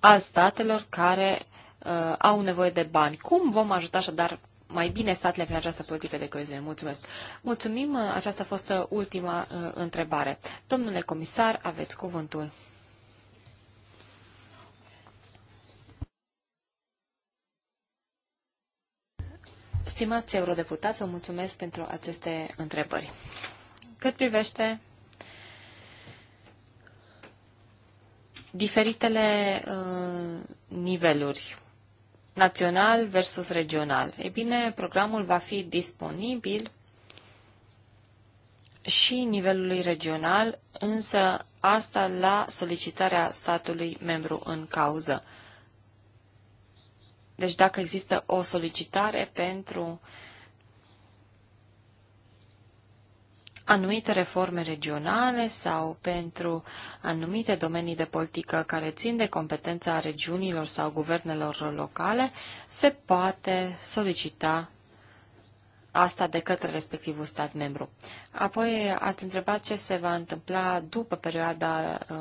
a statelor care uh, au nevoie de bani. Cum vom ajuta așadar mai bine statele prin această politică de coeziune. Mulțumesc. Mulțumim, aceasta a fost ultima uh, întrebare. Domnule comisar, aveți cuvântul. Stimați eurodeputați, vă mulțumesc pentru aceste întrebări. Cât privește diferitele uh, niveluri, național versus regional, e bine, programul va fi disponibil și nivelului regional, însă asta la solicitarea statului membru în cauză. Deci dacă există o solicitare pentru uh, anumite reforme regionale sau pentru anumite domenii de politică care țin de competența regiunilor sau guvernelor locale, se poate solicita asta de către respectivul stat membru. Apoi ați întrebat ce se va întâmpla după perioada uh,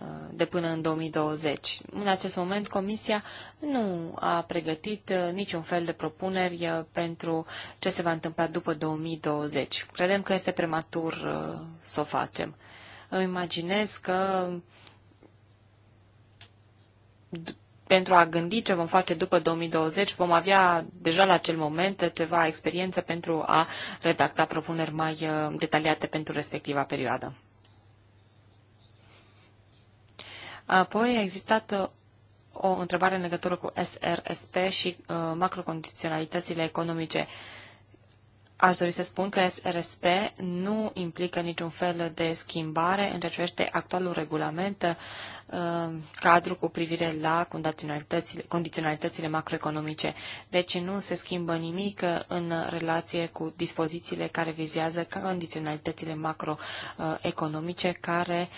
Uh, de până în 2020. În acest moment, Comisia nu a pregătit uh, niciun fel de propuneri uh, pentru ce se va întâmpla după 2020. Credem că este prematur să o facem. Îmi imaginez că pentru a gândi ce vom face după 2020, vom avea deja la acel moment ceva experiență pentru a redacta propuneri mai detaliate pentru respectiva perioadă. Apoi a existat uh, o întrebare în legătură cu SRSP și uh, macrocondiționalitățile economice. Aș dori să spun că SRSP nu implică niciun fel de schimbare în ceea ce privește actualul regulament uh, cadru cu privire la condiționalitățile, macroeconomice. Deci nu se schimbă nimic în relație cu dispozițiile care vizează condiționalitățile macroeconomice care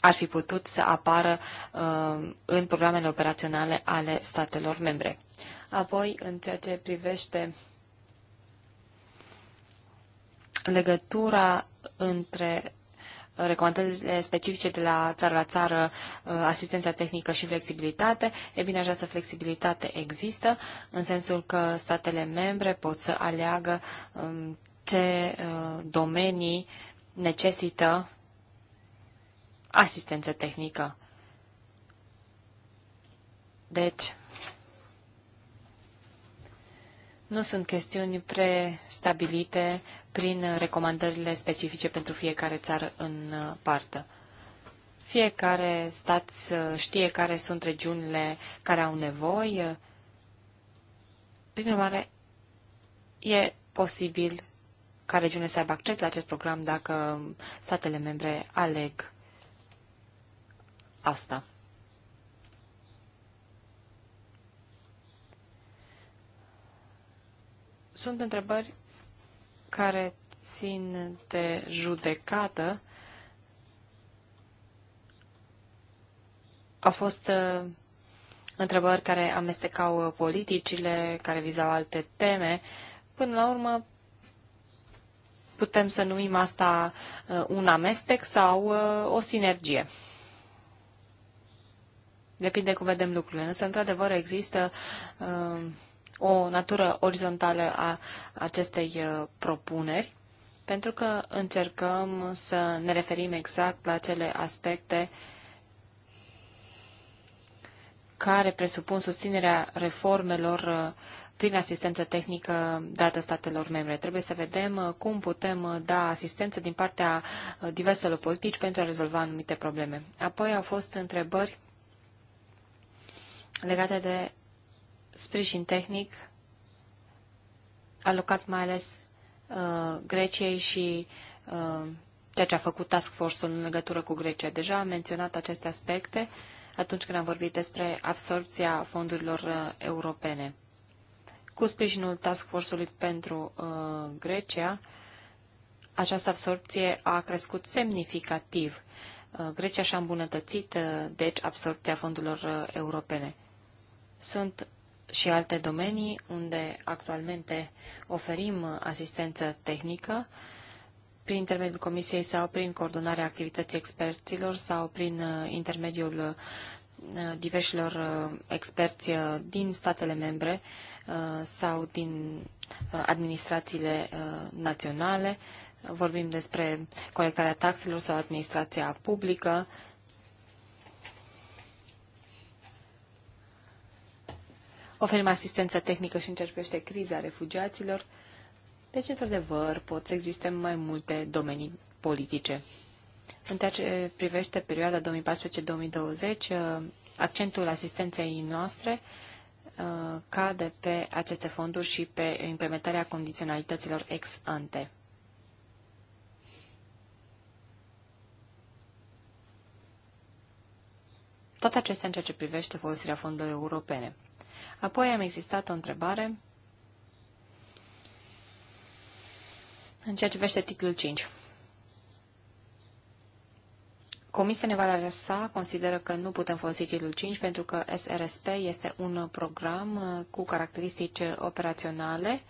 ar fi putut să apară uh, în programele operaționale ale statelor membre. Apoi, în ceea ce privește legătura între recomandările specifice de la țară la țară, uh, asistența tehnică și flexibilitate. E bine, această flexibilitate există, în sensul că statele membre pot să aleagă um, ce uh, domenii necesită asistență tehnică. Deci, nu sunt chestiuni prestabilite prin recomandările specifice pentru fiecare țară în parte. Fiecare stat știe care sunt regiunile care au nevoie. Prin urmare, e posibil ca regiune să aibă acces la acest program dacă statele membre aleg asta. Sunt întrebări care țin de judecată. Au fost uh, întrebări care amestecau uh, politicile, care vizau alte teme. Până la urmă, putem să numim asta uh, un amestec sau o sinergie. Depinde cum vedem lucrurile. Însă, într-adevăr, există uh, o natură orizontală a acestei uh, propuneri, pentru că încercăm să ne referim exact la acele aspecte care presupun susținerea reformelor uh, prin asistență tehnică dată statelor membre. Trebuie să vedem uh, cum putem uh, da asistență din partea uh, diverselor politici pentru a rezolva anumite probleme. Apoi au fost întrebări legate de sprijin tehnic alocat mai ales uh, Greciei și uh, ceea ce a făcut Task Force-ul în legătură cu Grecia. Deja am menționat aceste aspecte atunci când am vorbit despre absorpția fondurilor uh, europene. Cu sprijinul Task Force-ului pentru uh, Grecia, această absorpție a crescut semnificativ. Uh, Grecia și-a îmbunătățit, uh, deci, absorpția fondurilor uh, europene. Sunt și alte domenii unde actualmente oferim asistență tehnică prin intermediul Comisiei sau prin coordonarea activității experților sau prin uh, intermediul uh, diversilor uh, experți din statele membre sau din administrațiile naționale. Vorbim despre colectarea taxelor sau administrația publică oferim asistență tehnică și încercește criza refugiaților. Deci, într-adevăr, pot să existe mai multe domenii politice. În ceea ce privește perioada 2014-2020, uh, accentul asistenței noastre uh, cade pe aceste fonduri și pe implementarea condiționalităților ex ante. Toate acestea în ceea ce privește folosirea fondurilor europene. Apoi am existat o întrebare în ceea ce privește titlul 5. Comisia ne va lăsa, consideră că nu putem folosi titlul 5 pentru că SRSP este un program uh, cu caracteristici operaționale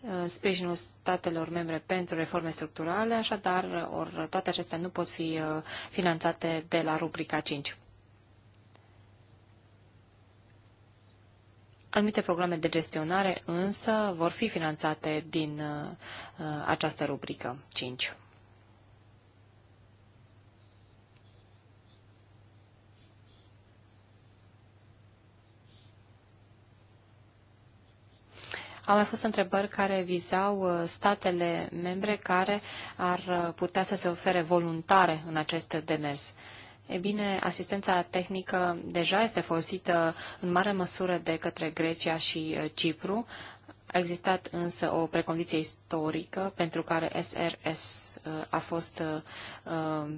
uh, sprijinul statelor membre pentru reforme structurale, așadar uh, or, toate acestea nu pot fi finanțate de la rubrica 5. Anumite programe de gestionare însă vor fi finanțate din uh, uh, această rubrică 5. Au mai fost întrebări care vizau uh, statele membre care ar putea să se ofere voluntare în acest demers. E bine, asistența tehnică deja este folosită în mare măsură de către Grecia și uh, Cipru. A existat însă o precondiție istorică pentru care SRS uh, a fost uh,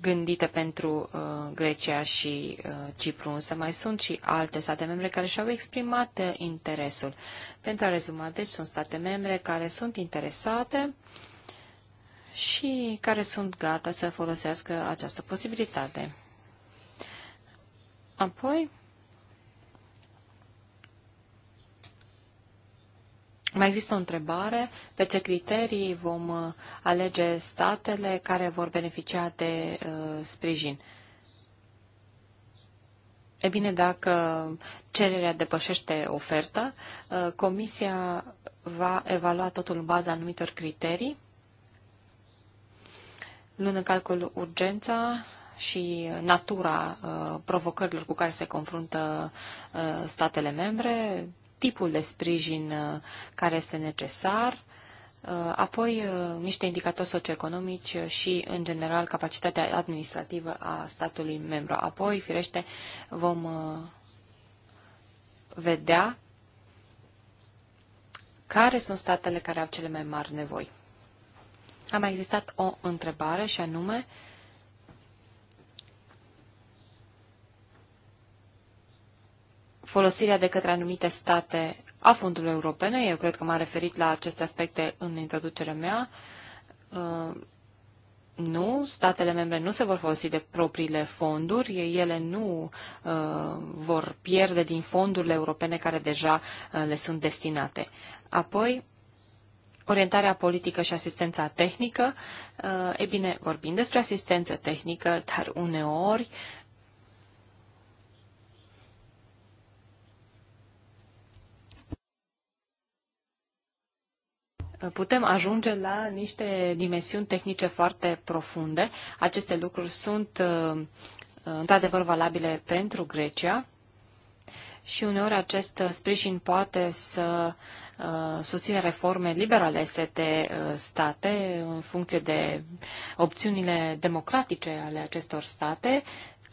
gândită pentru Grecia și Cipru, însă mai sunt și alte state membre care și-au exprimat interesul. Pentru a rezuma, deci sunt state membre care sunt interesate și care sunt gata să folosească această posibilitate. Apoi, Mai există o întrebare, pe ce criterii vom uh, alege statele care vor beneficia de uh, sprijin? E bine, dacă cererea depășește oferta, uh, Comisia va evalua totul în baza anumitor criterii luând în calcul urgența și natura uh, provocărilor cu care se confruntă uh, statele membre, tipul de sprijin uh, care este necesar, apoi niște indicatori socioeconomici și, în general, capacitatea administrativă a statului membru. Apoi, firește, vom vedea care sunt statele care au cele mai mari nevoi a mai existat o întrebare și anume folosirea de către anumite state a fondurilor europene. Eu cred că m-am referit la aceste aspecte în introducerea mea. Uh, nu, statele membre nu se vor folosi de propriile fonduri, ele nu uh, vor pierde din fondurile europene care deja uh, le sunt destinate. Apoi, orientarea politică și asistența tehnică. Uh, e bine, vorbim despre asistență tehnică, dar uneori putem ajunge la niște dimensiuni tehnice foarte profunde. Aceste lucruri sunt uh, uh, într-adevăr valabile pentru Grecia și uneori acest sprijin poate să Uh, susține reforme liberale alese de uh, state în funcție de opțiunile democratice ale acestor state.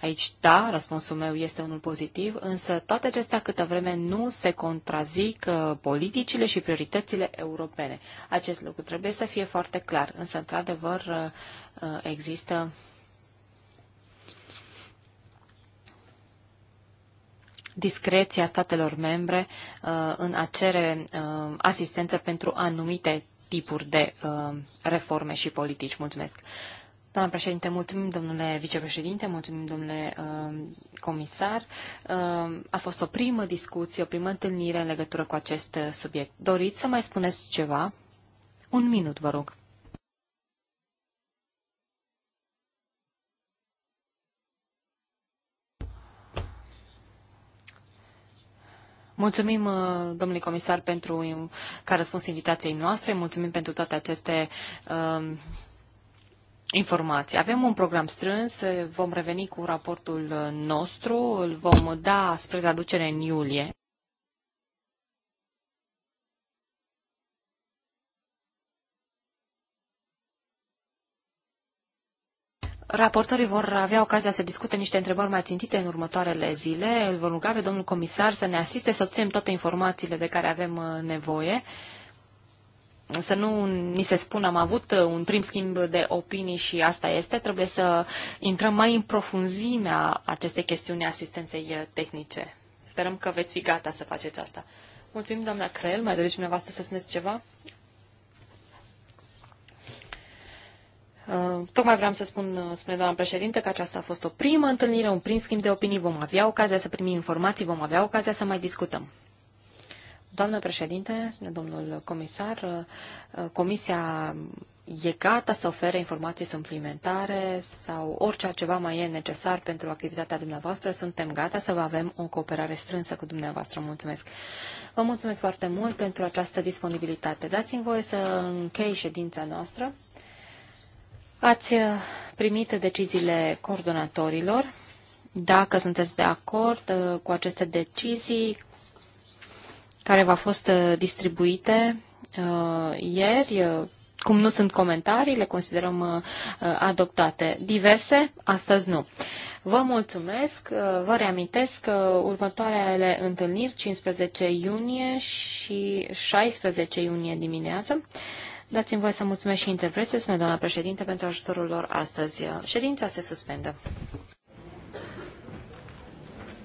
Aici, da, răspunsul meu este unul pozitiv, însă toate acestea câtă vreme nu se contrazic uh, politicile și prioritățile europene. Acest lucru trebuie să fie foarte clar, însă, într-adevăr, există discreția statelor membre uh, în a cere uh, asistență pentru anumite tipuri de uh, reforme și politici. Mulțumesc! Doamna președinte, mulțumim, domnule vicepreședinte, mulțumim, domnule uh, comisar. Uh, a fost o primă discuție, o primă întâlnire în legătură cu acest subiect. Doriți să mai spuneți ceva? Un minut, vă rog. Mulțumim, uh, domnului comisar, pentru că a răspuns invitației noastre. Mulțumim pentru toate aceste um, informații. Avem un program strâns, vom reveni cu raportul uh, nostru, îl vom da spre traducere în iulie. Raportorii vor avea ocazia să discute niște întrebări mai țintite în următoarele zile. Îl vor ruga pe domnul comisar să ne asiste, să obținem toate informațiile de care avem uh, nevoie. Să nu ni se spună am avut uh, un prim schimb de opinii și asta este. Trebuie să intrăm mai în profunzimea acestei chestiuni asistenței uh, tehnice. Sperăm că veți fi gata să faceți asta. Mulțumim, doamna Crel. Mai doriți dumneavoastră să spuneți ceva? Uh, tocmai vreau să spun, uh, spune doamna președinte, că aceasta a fost o primă întâlnire, un prim schimb de opinii. Vom avea ocazia să primim informații, vom avea ocazia să mai discutăm. Doamna președinte, spune domnul comisar, uh, comisia e gata să ofere informații suplimentare sau orice altceva mai e necesar pentru activitatea dumneavoastră. Suntem gata să vă avem o cooperare strânsă cu dumneavoastră. Mulțumesc! Vă mulțumesc foarte mult pentru această disponibilitate. Dați-mi voie să închei ședința noastră Ați uh, primit deciziile coordonatorilor. Dacă sunteți de acord uh, cu aceste decizii care v-au fost uh, distribuite ieri, cum nu sunt comentarii, le considerăm adoptate. Diverse, astăzi nu. Vă mulțumesc, vă reamintesc că următoarele întâlniri, 15 iunie și 16 iunie dimineață, Dați-mi voie să mulțumesc și interpreții, spune doamna președinte, pentru ajutorul lor astăzi. Ședința se suspendă.